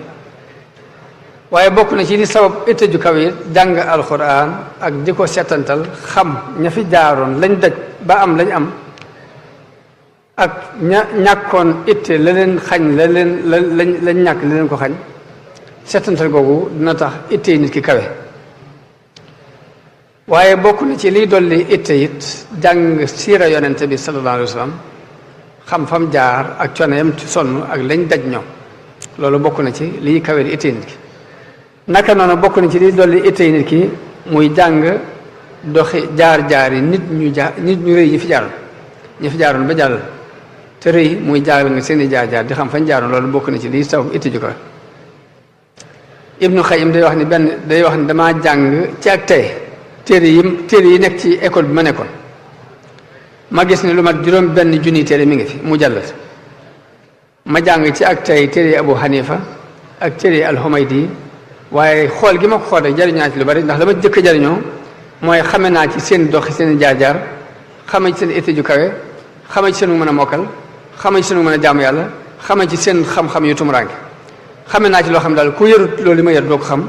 waaye bokk na ci li sabab itte ju kaw yi jàng alxuraan ak di ko setantal xam ña fi jaaroon lañ daj ba am lañ am ak ña ñàkkoon itte la leen xañ la leen la lañ lañ ñàkk la leen ko xañ setantal googu dina tax itte nit ki kawe waaye bokk na ci liy dolli itte it jàng siira yonente bi sallallahu alayhi wa sallam xam fam jaar ak coono yam ci sonn ak lañ daj ñoom loolu bokk na ci liy kawee di ittee nit ki naka noonu bokk na ci liy dolli yi nit ki muy jàng doxi jaar-jaar yi nit ñu jaar nit ñu rëy ñi fi jaaroon ñu fi jaaroon ba jàll te rëy muy jaar nga seeni jaar-jaar di xam fañ jaaroon loolu bokk na ci liy taw itti ju ko Ibnu Xayyim day wax ni benn day wax ni damaa jàng ci ak tey téere yi téere yi nekk ci école bi ma nekkoon ma gis ne lu mat juróom benn junni téere mi ngi fi mu jàllat ma jàng ci ak tey téere Abu Hanifa ak téere al di waaye xool gi ma ko xool jariñaat jariñaa lu bari ndax la ma jëkk jariñoo mooy xame naa ci seen dox seen jaar-jaar xame ci seen étude ju kawe xame ci seen mën a mokkal xame ci seen mën a jàmm yàlla xame ci seen xam-xam yu tumuraange xame naa ci loo xam daal ku yarut loolu li ma yar doo ko xam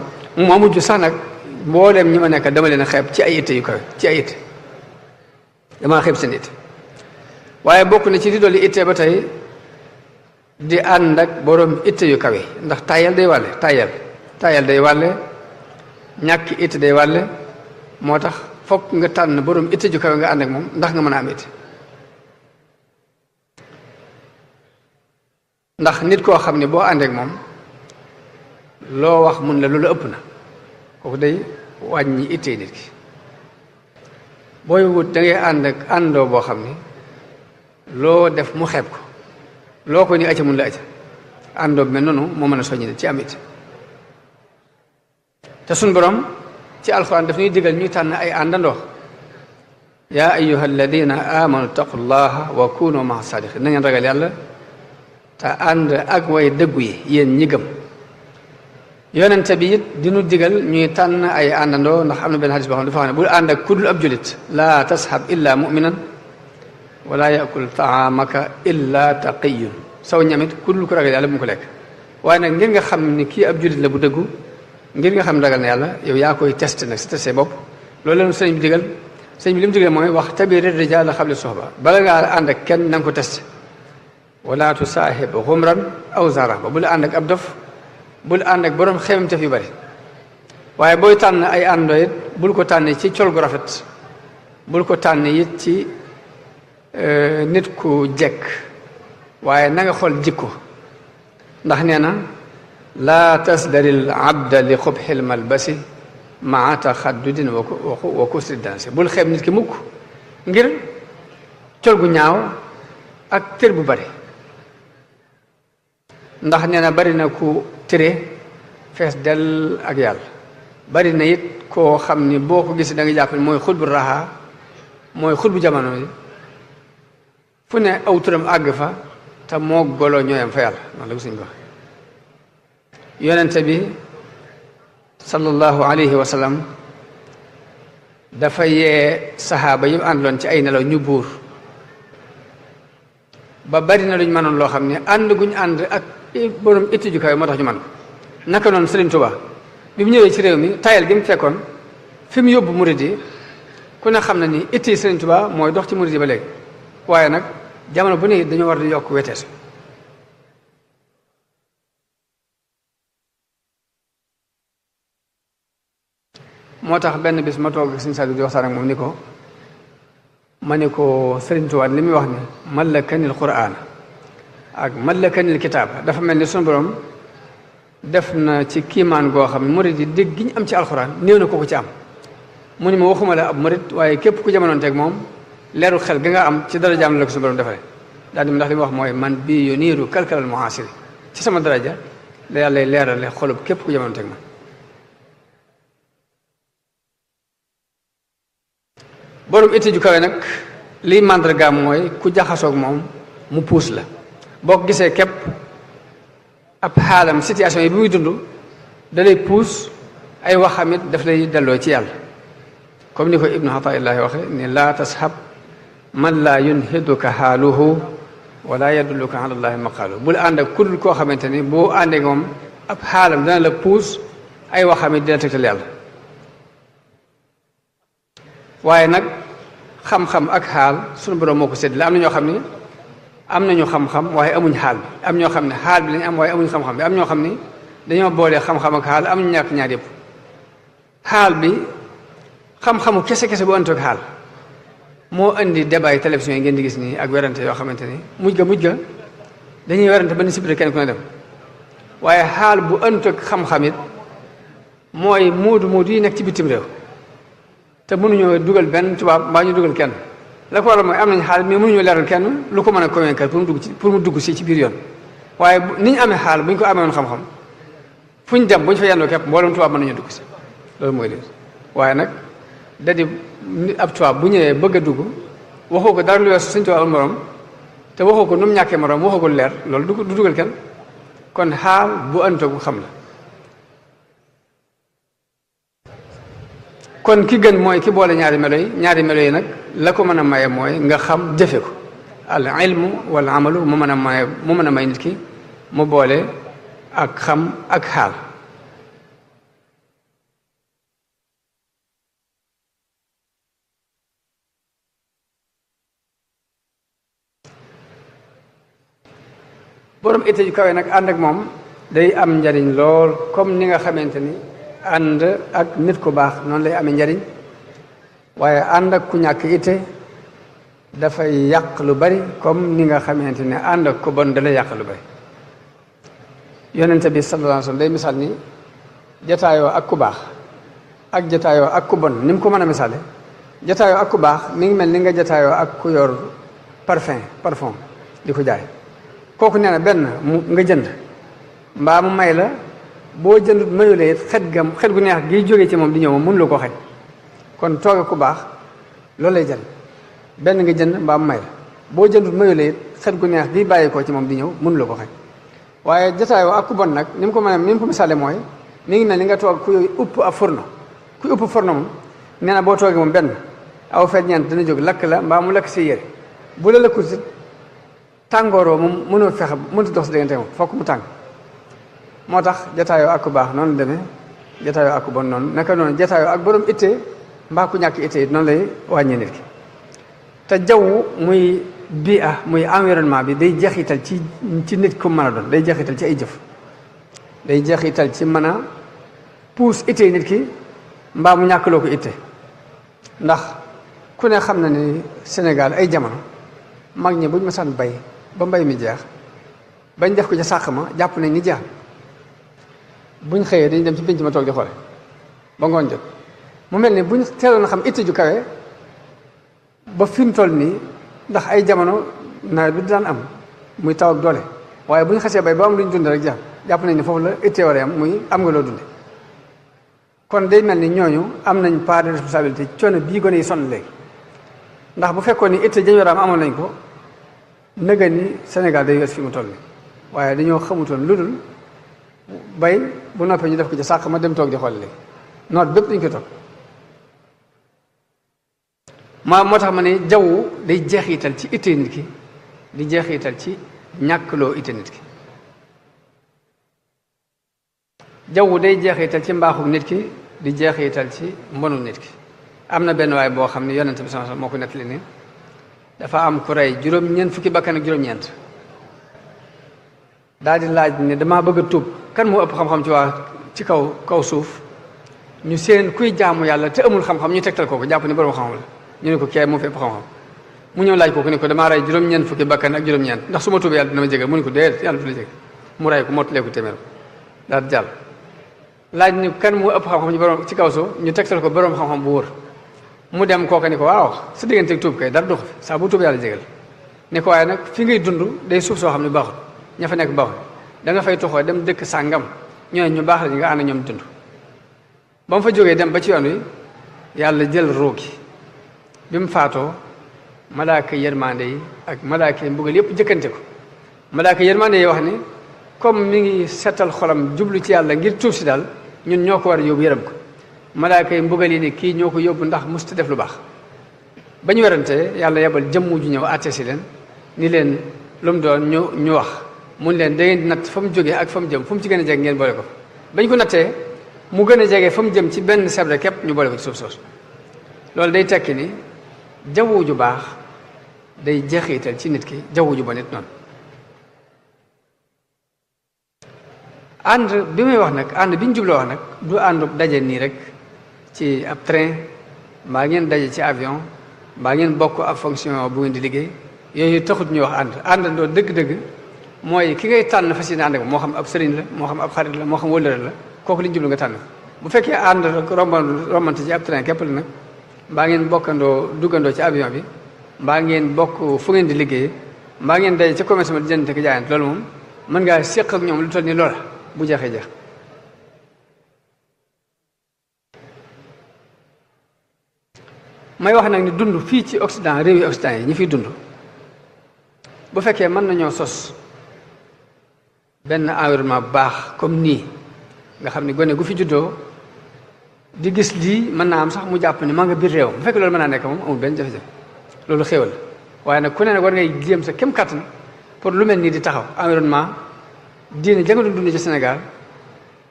moo mujj sax nag boo mbooleem ñi ma nekk dama leen a ci ay itte yu damaa xeeb seen it waaye bokk na ci li dolli ittee ba tey di ànd ak borom itte yu kawe ndax tayal day wàlle tayal tayal day wàlle ñàkk it day wàlle moo tax fokk nga tànn borom itte ju kawe nga ànd moom ndax nga mën a am itte ndax nit koo xam ne boo àndeek moom loo wax mun la loolu ëpp na kooku day wàññi ittee nit ki booy wut da ngay ànd ak àndoo boo xam ne loo def mu xeeb ko loo ko ni aca mun la aca àndoo mel noonu moo mën a soññi ci am te suñ borom ci alxuraan daf ñuy digal ñuy tànn ay àndandoo ya ayuha alladina amanu taqu llaha wa kunu maa saadiqin na ngeen ragal yàlla te ànd ak way dëggu yi yéen ñi gëm yonente bi it dinu digal ñuy tànn ay àndandoo ndax am na benn xadis boo xam dafa xam ne bul ànd ak kudul ab julit laa tashab illa muminan wala yakul taamaka illa taqiyun saw ñamit kudul ku ragal yàlla bu mu ko lekk waaye nag ngir nga xam ni kii ab julit la bu dëggu ngir nga xam ragal na yàlla yow yaa koy test nag si testé bopp loolu leen sëñ bi digal sëñ bi li mu digal mooy wax tabiri rijal xam li soxba bala ngaa ànd ak kenn na ko test wala tusaaxib xumran aw zara ba bu ab dof bul ànd ak boroom xemamtef yu bari waaye booy tànn ay àndoo it bul ko tànn ci col gu rafet bul ko tànn it ci e, nit ku jekk waaye na nga xool jikko ndax nee na laa tasdari l abda li xubxil malbasi maa taxaddudin wa wa kusri dansi bul xeeb nit ki mukk ngir col gu ñaaw ak tër bu bari ndax nee na bari na ku tre fees dell ak yàlla bari na it koo xam ni boo ko gis da nga jàpp mooy xutbu raxa mooy xutbu jamono yi fu ne aw turam àgg fa te moo golo ñooyam fa yàlla noonu bi sallallahu alayhi wa sallam dafa yee saxaaba yi àndoon ci ay nelaw ñu buur ba bari na ma noon loo xam ne ànd guñ ànd ak borom itti ju kawe moo tax ñu man naka noonu Serigne Touba bi mu ñëwee ci réew mi tayal gi mu fekkoon fi mu yóbbu murid yi ku ne xam na ni itti Serigne Touba mooy dox ci murid yi ba léegi waaye nag jamono bu ne dañoo war di yokk wetees moo tax benn bis ma toog Serigne Saliou di waxtaan ak moom ni ko ma ne ko Serigne Touba li muy wax ma ni mallakanil Qur'aan ak man mallakanil kitaab dafa mel ni sunu borom def na ci kiimaan goo xam ne murid yi dégg gi am ci alxuraan néew na ko ko ci am mu ni ma waxuma la ab murid waaye képp ku jamonoonteeg moom leeru xel ga nga am ci dara jaam la ko sunu borom defaree daal di ndax li mu wax mooy man bii yu niiru kalkalal muhaasiri ci sama daraja la yàlla leerale xolub képp ku jamonoonteeg man borom itti ju kawe nag liy màndargaam mooy ku jaxasoog moom mu puus la boo ko gisee képp ab xaalam situation yi bi muy dund dalay puus ay waxamit daf lay delloo ci yàlla comme ni ko ibnu xataillaahi waxe ni laa tashab man laa yunhiduka xaaluhu wala yadulluka ala llaahi maqaalu bul ànd ak kudul koo xamante ni boo àndee moom ab xaalam dana la puus ay waxamit dina tegtal yàlla waaye nag xam-xam ak xaal sunu borom moo ko sédd la am na ñoo xam ni am nañu xam-xam waaye amuñ xaal bi am ñoo xam ne xaal bi lañ am waaye amuñ xam-xam bi am ñoo xam ni dañoo boole xam-xam ak xaal amuñ ñàkk ñaar yëpp xaal bi xam-xamu kese-kese bu antoog xaal moo indi debaay yi yi ngeen di gis nii ak werante yoo xamante ni mujj ga mujj dañuy werante ba ni sibire kenn ku ne dem waaye xaal bu antoog xam-xam it mooy moodu moodu yi nekk ci bitim réew te nu mënuñoo dugal benn tubaab mbaa ñu dugal kenn la ko waral mooy am nañ xaalis mais mënuñu leeral kenn lu ko mën a convaincre pour mu dugg ci pour mu dugg si ci biir yoon waaye ni ñu amee xaalis bu ñu ko amee woon xam-xam fu ñu dem bu ñu fa yendoo képp mboolem tubaab mën nañu dugg si loolu mooy li waaye nag dadi ab tubaab bu ñëwee bëgg a dugg waxoo ko dara lu weesu suñu tubaab morom te waxoo ko nu mu ñàkkee moroom waxoo ko leer loolu du dugal kenn kon xaal bu ëntagu xam la kon ki gën mooy ki boole ñaari melo yi ñaari melo yi nag la ko mën a maye mooy nga xam jëfe ko al ilmu wala amalu mu mën a maye mu mën a may nit ki mu boole ak xam ak xaal borom itte yu kawe nag ànd ak moom day am njariñ lool comme ni nga xamante ni ànd ak nit ku baax noonu lay ame njariñ waaye ànd ak ku ñàkk ite dafay yàq lu bari comme ni nga xamante ne ànd ak ku bon dalay yàq lu bari yonente bi sallallahu alayhi wasallam day misaal ni jataayoo ak ku baax ak jataayoo ak ku bon ni mu ko mën a misaale jataayoo ak ku baax mi ngi mel ni nga jataayoo ak ku yor parfum parfum di ko jaay kooku nee na benn mu nga jënd mbaa mu may la boo jëndut mayulee xet gam xet gu neex gi jógee ci moom di ñëw moom mënu la ko xet kon tooge ku baax loolu lay jënd benn nga jënd mbaa may la boo jëndut mayulee xet gu neex gi bàyyi ko ci moom di ñëw mënu la ko xet waaye jataayoo ak bon nag ni mu ko mën a ni mooy mi ngi ne li nga toog ku upp ab furno ku upp furno moom nee na boo toogee moom benn aw fet ñeent dana jóg lakk la mbaa mu lakk si yére bu la lëkkul si tàngooroo moom mënoo fexe mënut dox si diggante moom fokk mu tàng moo tax jataayoo ak baax noonu deme jataayoo ak bon noonu naka noonu jataayoo ak borom ittee mbaa ku ñàkk ittee noonu lay wàññi nit ki te jaww muy bii ah muy environnement bi day jeexital ci ci nit ku mën a doon day jeexital ci ay jëf day jeexital ci mën a puus ittee nit ki mbaa mu ñàkk ko ittee ndax ku ne xam na ni Sénégal ay jamono mag ñi buñ ma saan bay ba mbay mi jeex bañ def ko ca sàq ma jàpp nañ ni jeex bu buñ xëyee dañ dem ci pénc ma toog di xoole ba ngoon jot mu mel ni buñ teeloon a xam itte ju kawe ba fi mu toll nii ndax ay jamono nawet bi daan am muy taw ak doole waaye buñ xasee bay ba am luñ dund rek jàpp jàpp nañ ne foofu la itte war am muy am nga loo dunde kon day mel ni ñooñu am nañ part de responsabilité coono bii gone yi sonn léegi ndax bu fekkoon ni itte jañ war am amoon nañ ko nëga ni Sénégal day wees fi mu toll nii waaye dañoo xamutoon lu bay bu noppee ñu def ko ci sàq ma dem toog di xool li noot bépp dañ koy toog maa moo tax ma ne jawwu day jeexital ci itte ki di jeexital ci ñàkkloo itte nit ki jaww day jeexital ci mbaaxum nit ki di jeexital ci mbonum nit ki am na benn waay boo xam ne yonent bi sama moo ko nettali ni dafa am ku rey juróom-ñeent fukki bakkan ak juróom-ñeent daal di laaj ne damaa bëgg tub kan moo ëpp xam-xam ci waa ci kaw kaw suuf ñu seen kuy jaamu yàlla te amul xam-xam ñu tegtal kooku jàpp ne borom xam-xam ñu ne ko kee moo fi xam-xam mu ñëw laaj kooku ne ko damaa rey juróom-ñeent fukki bakkan ak juróom-ñeent ndax su ko déedéet yàlla dina mu rey ko mottalee ko téeméer jàll laaj ni kan moo ëpp xam-xam ci ci kaw suuf ñu tegtal ko borom xam bu wóor mu dem kooka ni ko waaw sa diggante tuub kay dara du ko fi saa bu tuub yàlla jégal ne ko waaye nag fi ngay dund day suuf soo xam ne baaxul ña fa nekk baaxul da nga fay toxoo dem dëkk sàngam ñooñu ñu baax lañu nga ànd ñoom dund ba mu fa jógee dem ba ci yoon wi yàlla jël ruu gi bi mu faatoo malaaka yërmande yi ak malaaka yi mbugal yëpp jëkkante ko malaaka yërmande yi wax ni comme mi ngi seetal xolam jublu ci yàlla ngir tuub si daal ñun ñoo ko war a yóbbu yërëm ko malaaka yi mbugal yi ni kii ñoo ko yóbbu ndax musta def lu baax ba ñu werante yàlla yebal jëmm ju ñëw àtte si leen ni leen lu mu doon ñu ñu wax mun leen da ngeen di natt fa mu jóge ak fa mu jëm fu mu ci gën a jege ngeen boole ko bañ ko nattee mu gën a jege fa mu jëm ci benn sebre képp ñu boole ko ci suuf soosu day tekki ni jawwu ju baax day jeexital ci nit ki jawwu ju ba nit noonu ànd bi muy wax nag ànd bi ñu jubloo wax nag du àndu daje nii rek ci ab train mbaa ngeen daje ci avion mbaa ngeen bokk ab fonction bu ngeen di liggéey yooyu taxut ñuy wax ànd ànd doo dëgg-dëgg mooy ki ngay tànn fas yéene ànd ak moo xam ab sëriñ la moo xam ab xarit la moo xam wëllëre la kooku li ñu jublu nga tànn bu fekkee ànd romban rombante ci ab train képp la nag mbaa ngeen bokkandoo duggandoo ci avion bi mbaa ngeen bokk fu ngeen di liggéey mbaa ngeen day ci commerce ma di jënd ak jaayante loolu moom mën ngaa séq ak ñoom lu te ni loola bu jeexee jeex may wax nag ni dund fii ci Occident réew yi Occident yi ñi fiy dund bu fekkee mën nañoo sos benn environnement bu baax comme nii nga xam ne gone gu fi juddoo di gis lii mën naa am sax mu jàpp ne maa nga biir réew bu fekkee loolu mën naa nekk moom amul benn jafe-jafe loolu xéwal waaye nag ku ne nag war ngay jéem sa kem kàttan pour lu mel nii di taxaw environnement diine janga dund ci Sénégal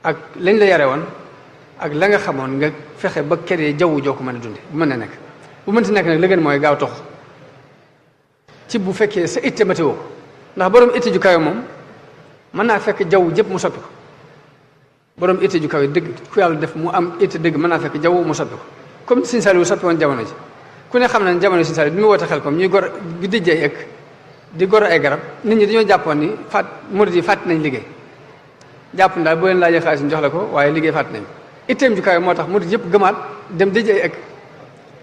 ak lañ la yare woon ak la nga xamoon nga fexe ba kere jaww joo ko mën a dunde bu mën na nekk bu mënti nekk nag la gën mooy gaaw tox ci bu fekkee sa itte matéo ndax borom itte ju kayo moom mën naa fekk jaww jépp mu soppi ko borom itte ju kawe dëgg ku yàlla def mu am itte dëgg mën naa fekk jaww mu soppi ko comme Sëñ Saaliw soppi woon jamono ji ku ne xam na ne jamono Sëñ Saaliw bi mu woote xel comme ñuy gor di dijj ay ëkk di gor ay garab nit ñi dañoo jàppoon ni fàtt murid yi fàtt nañ liggéey jàpp na daal boo leen xaalis ñu jox ko waaye liggéey fàtt nañ itteem ju kawe moo tax murid yëpp gëmaat dem dijj ay ëkk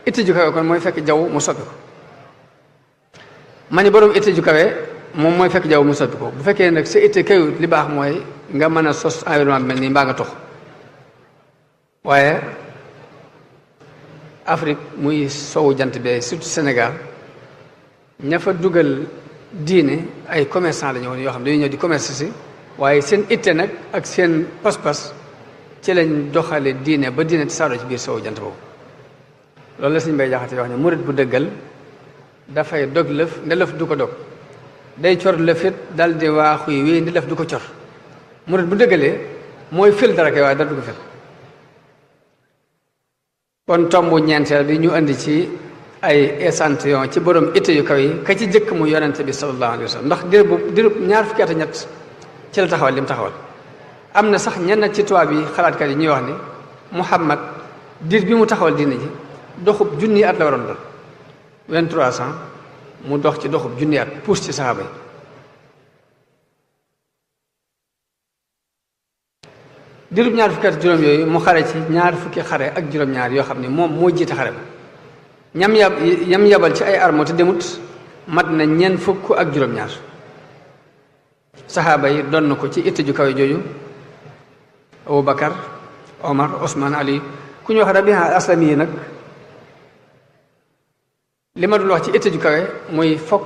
itte ju kawe kon mooy fekk jaww mu soppi ko ma ni ju kawe moom mooy fekk jaww mu soppi ko bu fekkee nag sa itte kayut li baax mooy nga mën a sos environnement bi mel nii mbaa nga tox waaye Afrique muy sowu jant bee surtout Sénégal ña fa dugal diine ay commerçant la ñu woon yoo xam ne dañuy ñëw di commerce si waaye seen itte nag ak seen pas-pas ci lañ doxale diine ba diine tasaaroo ci biir sowu jant boobu loolu la suñu bay jaxate wax ne murit bu dëggal dafay dog lëf ne lëf du ko dog day cor lëfit dal di waaxu yi wéy ni lef du ko cor murit bu dëggalee mooy fil dara kay waaye dara du ko fil kon tomb ñeenteel bi ñu indi ci ay échantillon ci borom itte yu kaw yi ka ci jëkk mu yonente bi sallallahu alayhi wa sallam ndax dir bu dirub ñaar fukki ñett ci la taxawal li mu taxawal am na sax ñenn ci tubaab yi xalaatkat yi ñuy wax ni Muhammad dir bi mu taxawal diine ji doxub junni at la waroon doon mu dox ci doxub junni at puus ci saxaaba yi dirub ñaar fukki at xare ak juróom-ñaar yoo xam ne moom moo jiite xare ba ñam yabal ci ay armo te mat na ñeent fukk ak juróom-ñaar saxaaba yi donn ko ci itte ju kawe jooju Abubakar Omar Osman Ali ku ñu wax Rabiha aslami yi nag li ma du wax ci itte ju kawe muy fokk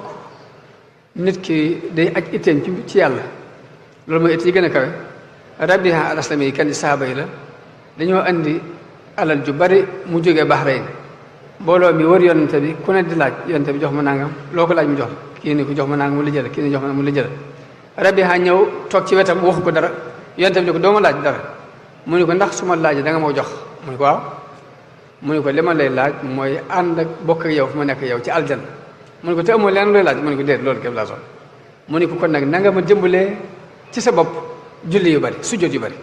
nit ki day aj itteem ci ci yàlla loolu mooy itte ji gën a kawe rabiha al aslami yi kan ci saaba la dañoo indi alal ju bari mu jógee Bahrain mbooloo mi war yonte bi ku ne di laaj yonente bi jox ma nangam loo ko laaj mu jox kii ni ko jox ma nangam mu lijjale kii ni jox ma mu lijjale rabiha ñëw toog ci wetam waxu ko dara yonente bi ne ko doo laaj dara mu ne ko ndax suma laaj da nga moo jox mu ne ko mu ne ko li ma lay laaj mooy ànd ak bokk ak yow fu ma nekk yow ci aljan mu ne ko te amoo leen looy laaj mu ne ko déet loolu képp la soxla mu ni ko kon nag na nga ma jëmbalee ci sa bopp julli yu bari sujjóot yu bari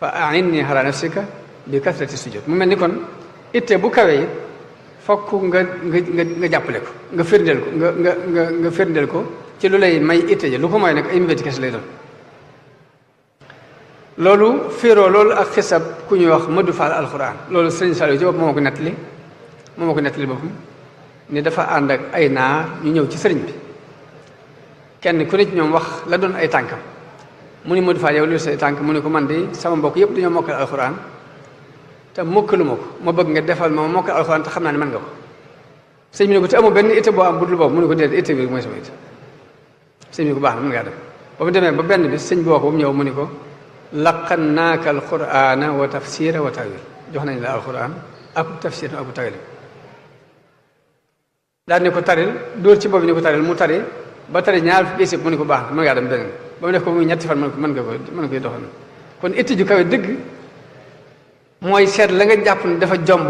fa a'inni ala nafsika bi kasrati sujjóot mu mel ni kon itte bu kawe it fokk nga nga nga jàppale ko nga firndeel ko nga nga nga firndeel ko ci lu lay may itte ji lu ko may nag ay mbéti kese lay doon loolu féeroo loolu ak xisab ku ñuy wax Modou Fall alxuraan loolu sëñ Saliou ci bopp moo ma ko nettali moo ma ko nettali boppam ni dafa ànd ak ay naa ñu ñëw ci sëriñ bi kenn ku nekk ci ñoom wax la doon ay tànkam mu ni Modou Fall yow lu say tànk mu ne ko man de sama mbokk yëpp dañoo mokkal alxuraan te mokkalu ma ko ma bëgg nga defal ma mokkal alxuraan te xam naa ne mën nga ko sëñ bi ne ko te amoo benn itte boo am bu dul boobu mu ne ko déedéet itte bi mooy sama itte baax na mën ba benn bi sëñ bi ñëw mu ni ko laqannaaka alqurana wa tafsira wa tawil jox nañ la alquran ak tafsir ak tawil daal ne ko taril dóor ci boobu ne ko taril mu tari ba tari ñaar fi biisib mu ne ko baax mën ngaa dem beneen ba mu def ko muy ñetti fan mën mën nga ko mën koy doxal kon itti ju kawe dëgg mooy seet la nga jàpp ni dafa jomb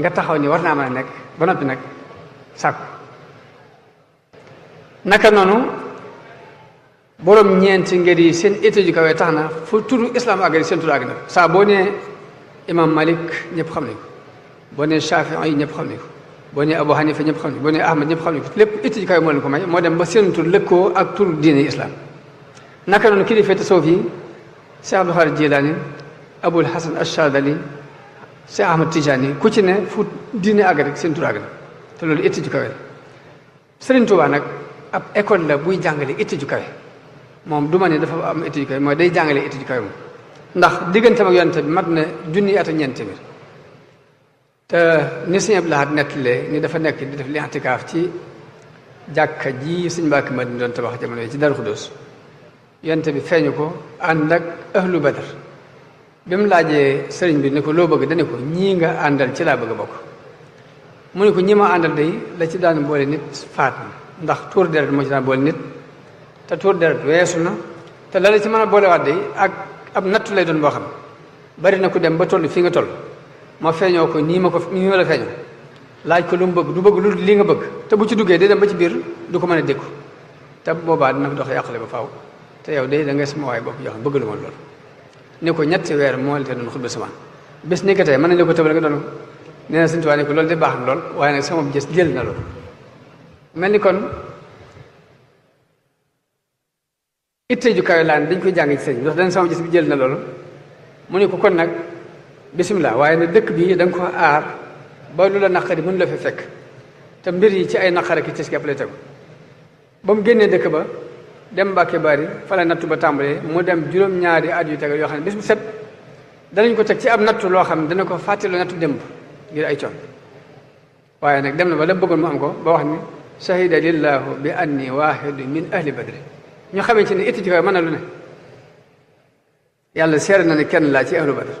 nga taxaw ni war naa mën a nekk ba noppi nag sàkku naka noonu borom ñeenti ngir yi seen étude yu kawee tax na fu tur islam àgg seen turu àgg na saa boo nee imam malik ñëpp xam ne ko boo nee Shafii yi ñëpp xam nañ ko boo nee Abu Hanifa ñëpp xam ne ko boo nee ahmad ñëpp xam nañ ko lépp étude yu kawee moo leen ko may moo dem ba seen tur lëkkoo ak turu diine islam naka noonu kilifa tasawuf yi Cheikh Abdul Xaadir Jilaani Abul Hasan Ash-Shaadili Cheikh Ahmad Tijaani ku ci ne fu diine àgg seen tur àgg te loolu étude yu la nag ab école la buy jàngale étude moom du ma ne dafa am étude kaw mooy day jàngale étude kaw ndax diggante ak yonent bi mat na junni at ak ñeent téeméer te ni sëñ Abdou Lahad nettalee ni dafa nekk di def li itikaaf ci jàkka ji sëñ Mbàkke Madina doon tabax jamono yi ci ko Xudoos yonent bi feeñu ko ànd ak ahlu badar bi mu laajee sëriñ bi ni ko loo bëgg dane ko ñii nga àndal ci laa bëgg a bokk mu ne ko ñi ma àndal day la ci daan boole nit faat ndax tuur deret moo ci daan boole te tuur deret weesu na te la la ci mën a boolewaat de ak ab nattu lay doon boo xam bari na ku dem ba toll fi nga toll ma feeñoo ko nii ma ko nii ma la feeñoo laaj ko lu mu bëgg bëgg lu li nga bëgg te bu ci duggee day dem ba ci biir du ko mën a dékku te boobaa dina dox yàqale ba faw te yow de da ngay sama waay bopp jox bëgg lu ma loolu ne ko ñetti moo la te doon xutba samaan bés ni ko tey mën nañ la ko tëbal nga doon nee na Sëñ Tuubaa ne ko loolu de baax na lool waaye nag sama gis jël na lool mel ni kon itte ju kawe laa dañ koy jàng ci sëñ bi ndax dañ sama gis bi jël na loolu mu ne ko kon nag bisimilah waaye na dëkk bi da nga ko aar ba lu la naqari mënu la fi fekk te mbir yi ci ay naqare ki ci kepp lay tegu ba mu génnee dëkk ba dem Mbàkke Bari fa la nattu ba tàmbalee mu dem juróom-ñaari at yu tegal yoo xam ne bis bu set danañ ko teg ci ab nattu loo xam ne dana ko fàttaloo nattu démb ngir ay coon waaye nag dem na ba la bëggoon mu am ko ba wax ne shahida lillahu bi ñu xamante ne étude yooyu man na lu ne yàlla seer na ne kenn laa ci ahlu badar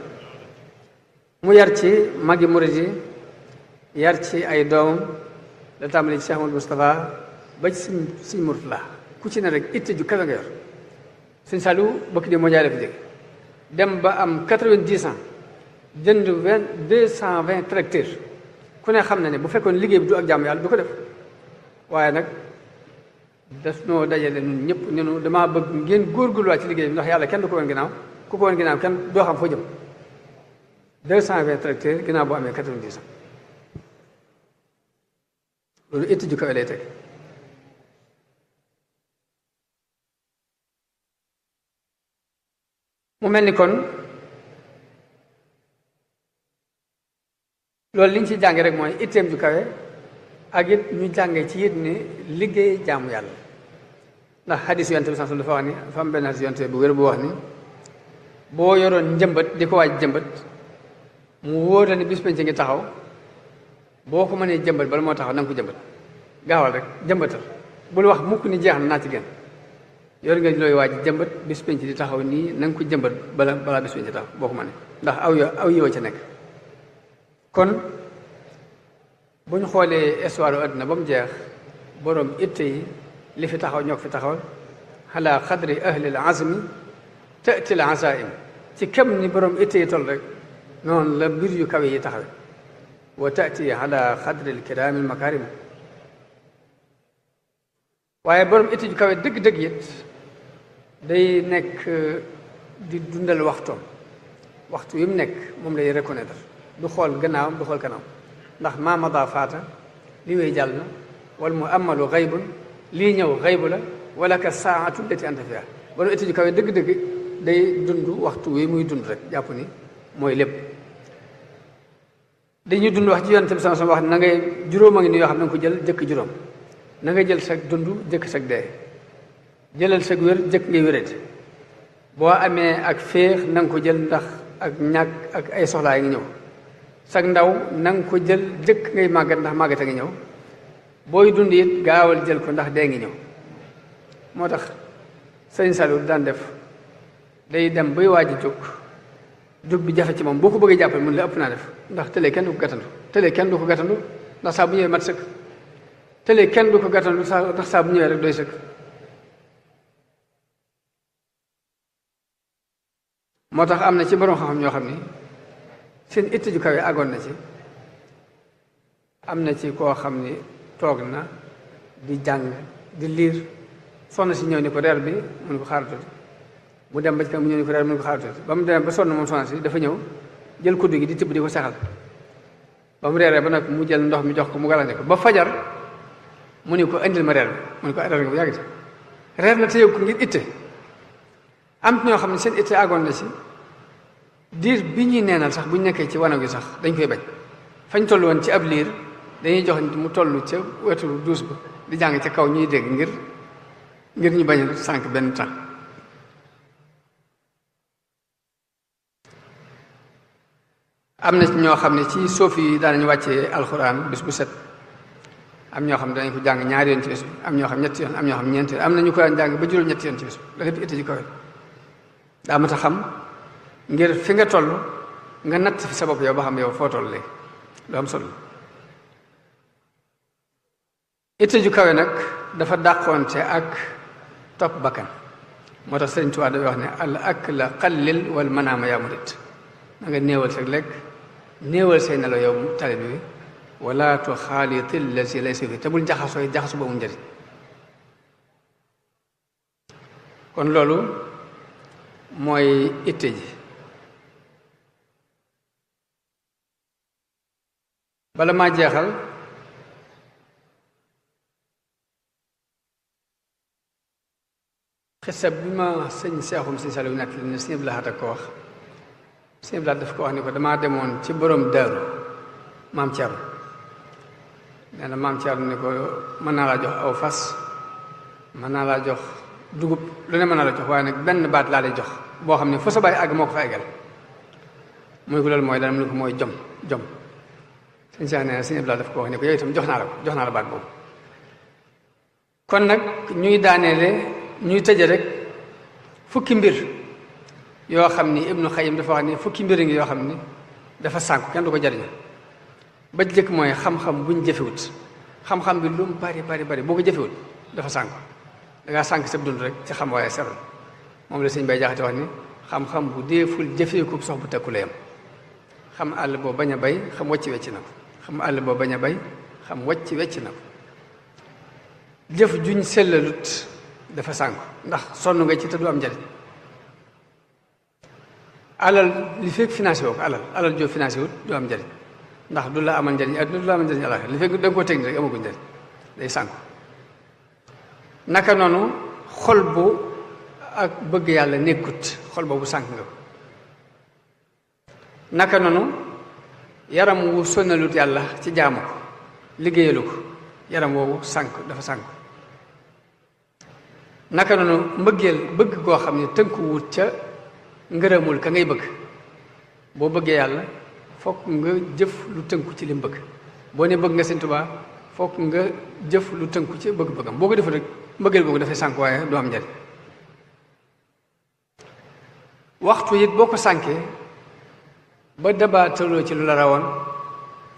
mu yar ci magi murid yi yar ci ay doomam la tàmbali ci Cheikh Amadou ba ci suñ suñ la ku ci ne rek étude ju kawe nga yor suñ salu bokki di moo jaay dafa jóge dem ba am quatre-vingt-dix ans jënd vingt cent vingt tracteurs ku ne xam na ne bu fekkoon liggéey bi du ak jàmm yàlla du ko def waaye nag des noo dajale ñun ñëpp ñunu damaa bëgg ngeen góorgóorluwaat ci liggéey bi ndax yàlla kenn du ko woon ginnaaw ku ko woon ginnaaw kenn doo xam foo jëm deux cent vingt tracteurs boo amee quatre-vingt-dix loolu itti ju kawe mu mel ni loolu li ñu ci jànge rek mooy itteem ju kawe ak yit ñu jànge ci it ni liggéey jaamu yàlla ndax xadis yonte bi sansu dafa wax ni dafa am benn xadis yonte bu wér bu wax ni boo yoroon njëmbat di ko waaj jëmbat mu wóor la ni bis ngi taxaw boo ko mënee jëmbat bala moo taxaw na ko jëmbat gaawal rek jëmbatal bul wax mukk ni jeex na naa ci gën yor looy waaj jëmbat bis penc di taxaw nii na ko jëmbat bala balaa bis penc taxaw boo ko mënee ndax aw yo aw yow ca nekk kon bu ñu xoolee histoire àdduna ba mu jeex boroom itte yi li fi taxaw ñoo fi taxawal ala qadri ahlil azmi tëtil azaim ci kem ni boroom itte yi toll rek noonu la mbir yu kawe yi taxawe wa tati ala qadri alkiraami almakarim waaye boroom itte ju kawe dëgg-dëgg it day nekk euh, di dundal waxtoom waxtu yi mu nekk moom lay reconnaître du xool gannaaw du xool kanam ndax maa mada faata li wéy jàll na wala mu amalu xaybun lii ñëw xaybu la wala ka saatu lati anta fiha ba nu étude kawe dëgg-dëgg day dund waxtu wi muy dund rek jàpp ni mooy lépp dañuy dund wax ci yonent bi sama sama wax na ngay juróom a ngi ni yoo xam ne nga ko jël jëkk juróom na ngay jël sag dund jëkk sag dee jëlal sag wér jëkk ngay wérati boo amee ak féex na ko jël ndax ak ñàkk ak ay soxlaa yi ngi ñëw sag ndaw na ko jël jëkk ngay màggat ndax màggat a ngi ñëw booy dund it gaawal jël ko ndax dee ngi ñëw moo tax sëñ Saliou daan def day dem bay waaj a jóg jóg bi jafe ci moom boo ko bëggee jàppale mun la ëpp naa def ndax tëlee kenn du ko gàttandu tëlee kenn du ko gàttandu ndax saa bu ñëwee mat sëkk tëlee kenn du ko gàttandu ndax saa bu ñëwee rek doy sëkk moo tax am na ci borom xam-xam ñoo xam ni seen itte ju kawe agoon na ci am na ci koo xam ni toog na di jàng di liir soxna si ñëw ni ko reer bi mun ko xaar mu dem ba mu ñëw ni ko reer bi ba mu dem ba sonn moom soxna si dafa ñëw jël kuddu gi di tibb di ko saxal ba mu reeree ba nag mu jël ndox mi jox ko mu galande ko ba fajar mu ne ko indil ma reer bi mu ne ko reer nga bu yàgg reer na te yow ko ngir itte am ñoo xam ne seen itte agoon na si diir bi ñuy neenal sax bu ñu nekkee ci wanag yi sax dañ koy bañ fañ toll woon ci ab liir dañuy jox mu toll ca wetu duus ba di jàng ca kaw ñuy dégg ngir ngir ñu bañ a benn temps am na ñoo xam ne ci suuf yi daanañu wàccee alxuraan bis bu set am ñoo xam ne danañ ko jàng ñaari yoon ci bis bi am ñoo xam ñetti yoon am ñoo xam ñeent yoon am na ñu ko daan jàng ba juróom ñett yoon ci bis bi la lépp itte ji kawe daa mat a xam ngir fi nga toll nga natt sa bopp yow ba xam yow foo toll léegi lu am solo itte ju kawe nag dafa dàqoonte ak topp bakkan moo tax Sëriñ Tuubaa dafay wax ne al ak la xallil wal manaama yaa murit da nga néewal sa lekk néewal say nelaw yow tali bi wala tu xaalitil la si lay sifi te bul jaxasooy jaxasu ba mu njëriñ kon loolu mooy itte ji bala maa jeexal xisa bi ma sëñ seexum si saliw nekk li ne sëñ bi laata ko wax sëñ bi laata daf ko wax ni ko damaa demoon ci boroom daaru maam Thierno nee na maam Thierno ni ko mën naa laa jox aw fas mën naa laa jox dugub lu ne mën naa la jox waaye nag benn baat laa de jox boo xam ne fu sa bàyyi àgg moo ko fa eggal muy ko loolu mooy dana mu ne ko mooy jom jom sëñ Cheikh nee na sëñ Abdoulaye daf ko wax ne ko yow itam jox naa la ko jox naa la baat boobu kon nag ñuy daaneele ñuy tëje rek fukki mbir yoo xam ni Ibnu Xayim dafa wax ni fukki mbir ngi yoo xam ni dafa sànku kenn du ko jariñu ba jëkk mooy xam-xam buñ jëfewut xam-xam bi lu mu bari boo ko jëfewut dafa sànku dangaa sànk sa dund rek ci xam waaye seroon moom la sëñ Bay Jaxate wax ni xam-xam bu deeful jëfeeku sox bu tekku la yam xam àll boo bañ a bay xam wàcc wecc na ko xam àll ba bañ a bay xam wàcc wecc na ko jëf juñ sellalut dafa sànku ndax sonn nga ci te du am njariñ alal li fekk financé woo ko alal alal joo financé wut du am njariñ ndax du la amal njariñ adduna du la li fekk da nga koo teg ni rek amaguñ njariñ day sànku naka noonu xol bu ak bëgg yàlla nekkut xol boobu sànk nga ko naka noonu yaram wu sonalut yàlla ci jaamu ko liggéeyalu ko yaram woowu sànk dafa sànk naka noonu mbëggeel bëgg koo xam ne tënku wut ca ngërëmul ka ngay bëgg boo bëggee yàlla fokk nga jëf lu tënku ci lim bëgg boo ne bëgg nga Sëñ Tuubaa fokk nga jëf lu tënku ca bëgg-bëggam boo ko defee rek mbëggeel googu dafay sànk waaye du am njariñ waxtu it boo ko sànkee ba dabaataloo ci lu la rawoon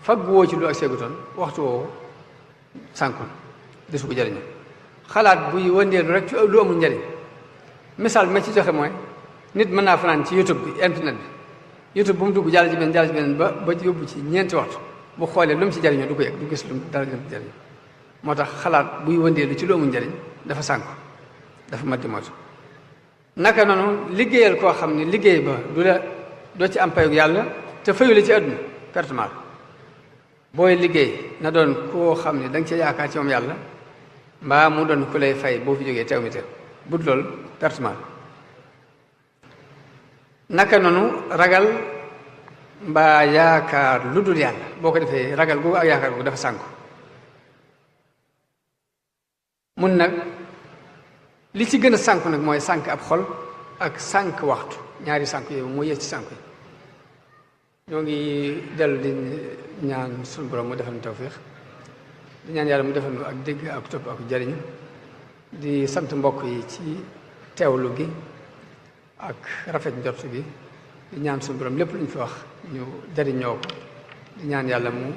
fagguwoo ci lu ak seegutoon waxtu woowu sànkun desu ko jëriñu xalaat buy wëndeelu rek ci lu amul njëriñ misaal ma ci joxe mooy nit mën naa fanaan ci youtube bi internet bi youtube bu mu dugg jàll ci benn jàll ci ba ba yóbbu ci ñeent waxtu bu xoolee lu mu ci jëriñoo du ko yëg du gis lu mu dara lu moo tax xalaat buy wëndeelu ci lu amul njëriñ dafa sànku dafa mat di moytu naka noonu liggéeyal koo xam ni liggéey ba doo ci am payu yàlla te fayu ci àdduna pertement booy liggéey na doon koo xam ne danga nga ci yaakaar ci moom yàlla mbaa mu doon ku lay fay boo fi jógee teew mi te but loolu pertement naka noonu ragal mbaa yaakaar lu dul yàlla boo ko defee ragal googu ak yaakaar googu dafa sànku mun nag li ci gën a sànku nag mooy sànk ab xol ak sànk waxtu ñaari sànq yow mooy yées ci sànq yi ñoo ngi dellu di ñaan suñu borom mu defal ñu tawféex di ñaan yàlla mu defal ñu ak dégg ak topp ak jariñ di sant mbokk yi ci teewlu gi ak rafet njort gi di ñaan suñu borom lépp lu ñu fi wax ñu jariñoo ko di ñaan yàlla mu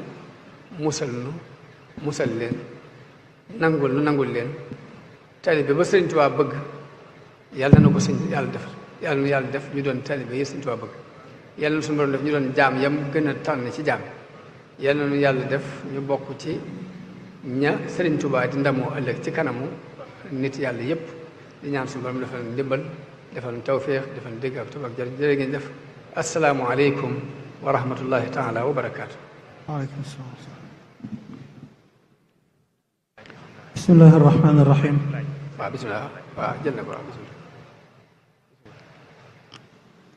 musal nu musal leen nangul nu nangul leen taalibe ba Sëriñ waa bëgg yàlla na ko sëñ yàlla defal yàlla na yàlla def ñu doon taalibe yi Sëñ Tuubaa bëgg yàlla na suñu def ñu doon jaam yam gën a tànn ci jaam yàlla na yàlla def ñu bokk ci ña Sëriñ Tuubaa di ndamoo ëllëg ci kanamu nit yàlla yëpp di ñaan suñu borom defal ndimbal defal tawféex defal dégg ak tubaab def asalaamualeykum wa rahmatullahi taala wa barakaatu. waaleykum salaam. bismillahi rahmaani rahim. waaw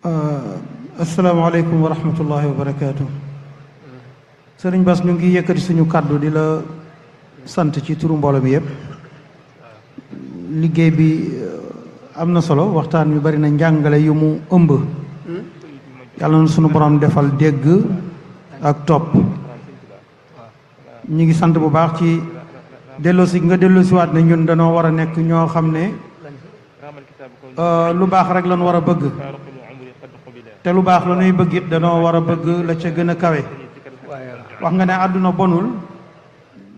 Uh, asalaamaaleykum wa rahmatullahi wa barakaatu. sëriñ Bass ñu ngi yëkkati suñu kàddu di la sant ci turu mbooloo mi yëpp. liggéey bi uh, am na solo waxtaan wi bari na njàngale yu mu ëmb. yàlla na suñu borom defal dégg ak topp. ñu ngi sant bu baax ci delloosi nga waat ne ñun danoo war a nekk ñoo xam ne uh, lu baax rek lañ war a bëgg. te lu baax la nuy bëgg it danoo war a bëgg la ca gën a kawe wax nga ne àdduna bonul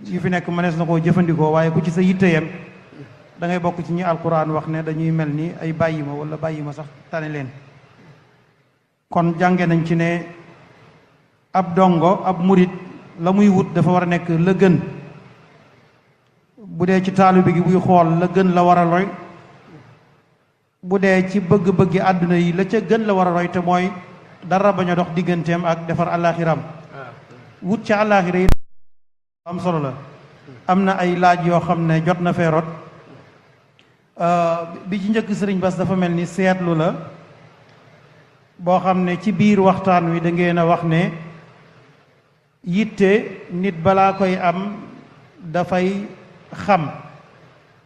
yi fi nekk mënees na koo jëfandikoo waaye ku ci sa yitte yem da bokk ci ñi alquran wax ne dañuy mel ni ay bàyyi ma wala bàyyi ma sax tane leen kon jànge nañ ci ne ab dongo ab murit la muy wut dafa war a nekk la gën bu dee ci taalu bi gi buy xool la gën la war a roy bu dee ci bëgg-bëggi àdduna yi la ca gën la war a roy te mooy dara bañ a dox digganteem ak defar àllaaxiram ah. wut ca àllaaxira yi am solo la am na ay laaj yoo xam ne jot na fee rot ah, bi ci njëkk sëriñ Bas dafa mel ni seetlu la boo xam ne ci biir waxtaan wi dangeen a wax ne yitte nit balaa koy am dafay xam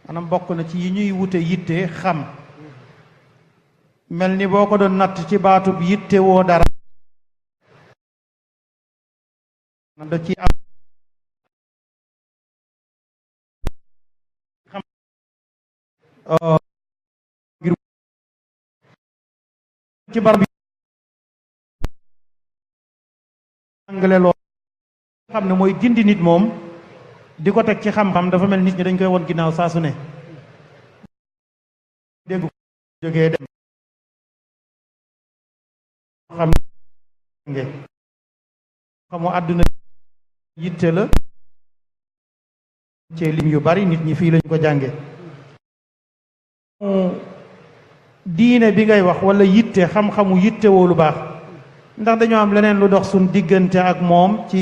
maanaam bokk na ci yi ñuy wute yitte xam mel ni boo ko doon natt ci baatub yitte woo dara da ci am oh. ci barab jàngale loo xam ne mooy gindi moom di ko teg ci xam-xam dafa mel nit ñi dañ koy won ginnaaw saa su ne dégg jógee dem xam xamu àdduna yitte la ci yu bari nit ñi fii lañ ko jànge diine bi ngay wax wala yitte xam-xamu yitte woo lu baax ndax dañoo am leneen lu dox suñ diggante ak moom ci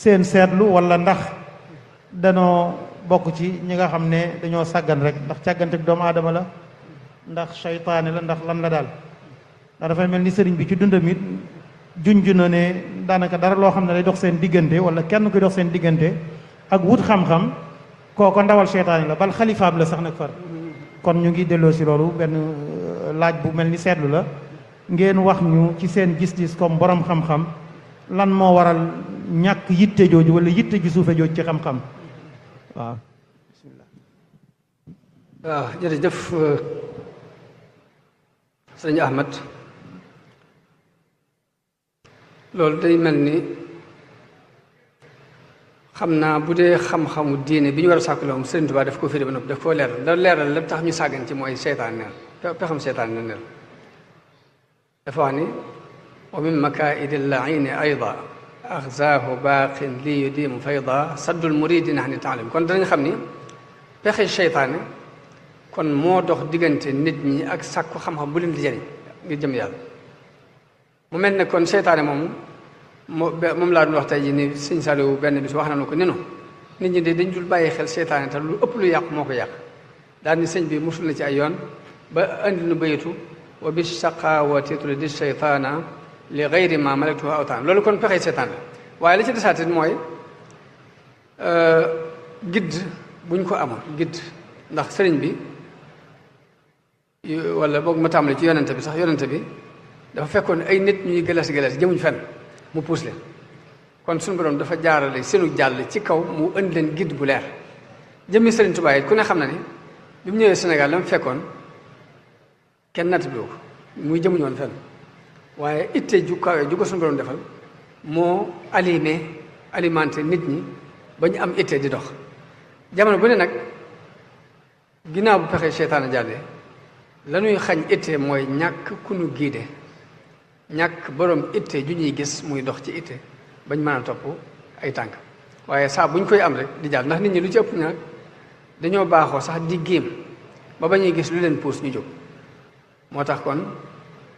seen seetlu walla ndax danoo bokk ci ñi nga xam ne dañoo sàggan rek ndax càggante ak doomu aadama la ndax seytaane la ndax lan la daal ndax dafay mel ni sëriñ bi ci dundam juñ junj na ne daanaka dara loo xam ne day dox seen diggante wala kenn kuy dox seen diggante ak wut xam-xam kooko ndawal seytaane la bal xalifaam la sax nag far kon ñu ngi delloo si loolu benn euh, laaj bu mel ni seetlu la ngeen wax ñu ci seen gis comme borom xam-xam lan moo waral ñàkk yitte jooju wala yitte ji jooju ci xam-xam waaw bismillah waaw ah, jërëjëf euh, sëñ loolu day mel ni xam naa bu dee xam-xamu diine bi ñu war a sàkku loom Sëriñ Tuubaa daf ko firi ba noppi daf koo leeral da leeral la tax ñu sàggan ci mooy seytaan neel pexam seytaan na neel dafa wax ni wa min makaidi llaini ayda axzaahu baaqin li yudimu fayda saddul muridin an taalim kon danañ xam ni pexe seytaane kon moo dox diggante nit ñi ak sàkku xam-xam bu leen di jëriñ ngir jëm yàlla mu mel ne kon seytaane moomu moom laa doon wax tey jii ni sëñ Saliou benn bi bis wax na nu ko nenu nit ñi de dañ dul bàyyi xel seytaane te lu ëpp lu yàq moo ko yàq daal ni sëñ bi musul na ci ay yoon ba indi nu bayatu wa bi saqaawati tulidi seytaana li gayri ma malaktuhu awtaan loolu kon pexey seytaan la waaye li ci desaate mooy euh, gidd buñ ko amul gidd ndax sëriñ bi wala boog ma tàmbali ci yonente bi sax yonente bi dafa fekkoon ay nit ñuy gëlas gëlas jëmuñ fenn mu puus leen kon suñu borom dafa jaarale seenu jàll ci kaw mu indi leen gidd bu leer jëmmi Sëriñ Tuubaa ku ne xam na ni bi mu ñëwee fekkoon kenn natt muy jëmuñu woon waaye itte ju kawe ju ko defal moo alimé alimenté nit ñi ba am itte di dox jamono bu ne nag ginnaaw bu pexe seytaane jàllee lañuy xañ itte mooy ñàkk ku nu giide ñàkk borom itte ju ñuy gis muy dox ci itte bañ mën a topp ay tànk waaye saa buñ koy am rek di jàll ndax nit ñi lu ci ëpp nag dañoo baaxoo sax di ba ba ñuy gis lu leen puus ñu jóg moo tax kon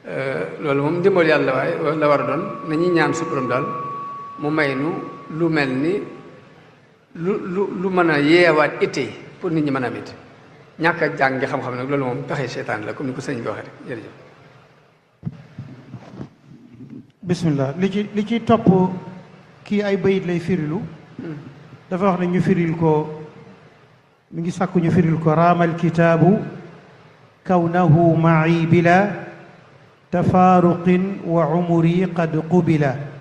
euh, loolu moom ndimbal yàlla waaye la war a doon nañuy ñaan su borom daal mu may nu lu mel ni lu lu lu mën a yeewaat itte yi pour nit ñi mën a am it ñàkk a jàng xam-xam nag loolu moom pexe seetaan la comme ni ko sëñ bi waxee rek jërëjëf bismillah li ci li ci topp kii ay bayit lay firilu dafa wax ne ñu firil ko mi ngi sàkku ñu firil ko raamal kitaabu kawnahu ma'i bila tafaaruqin wa umri qad qubila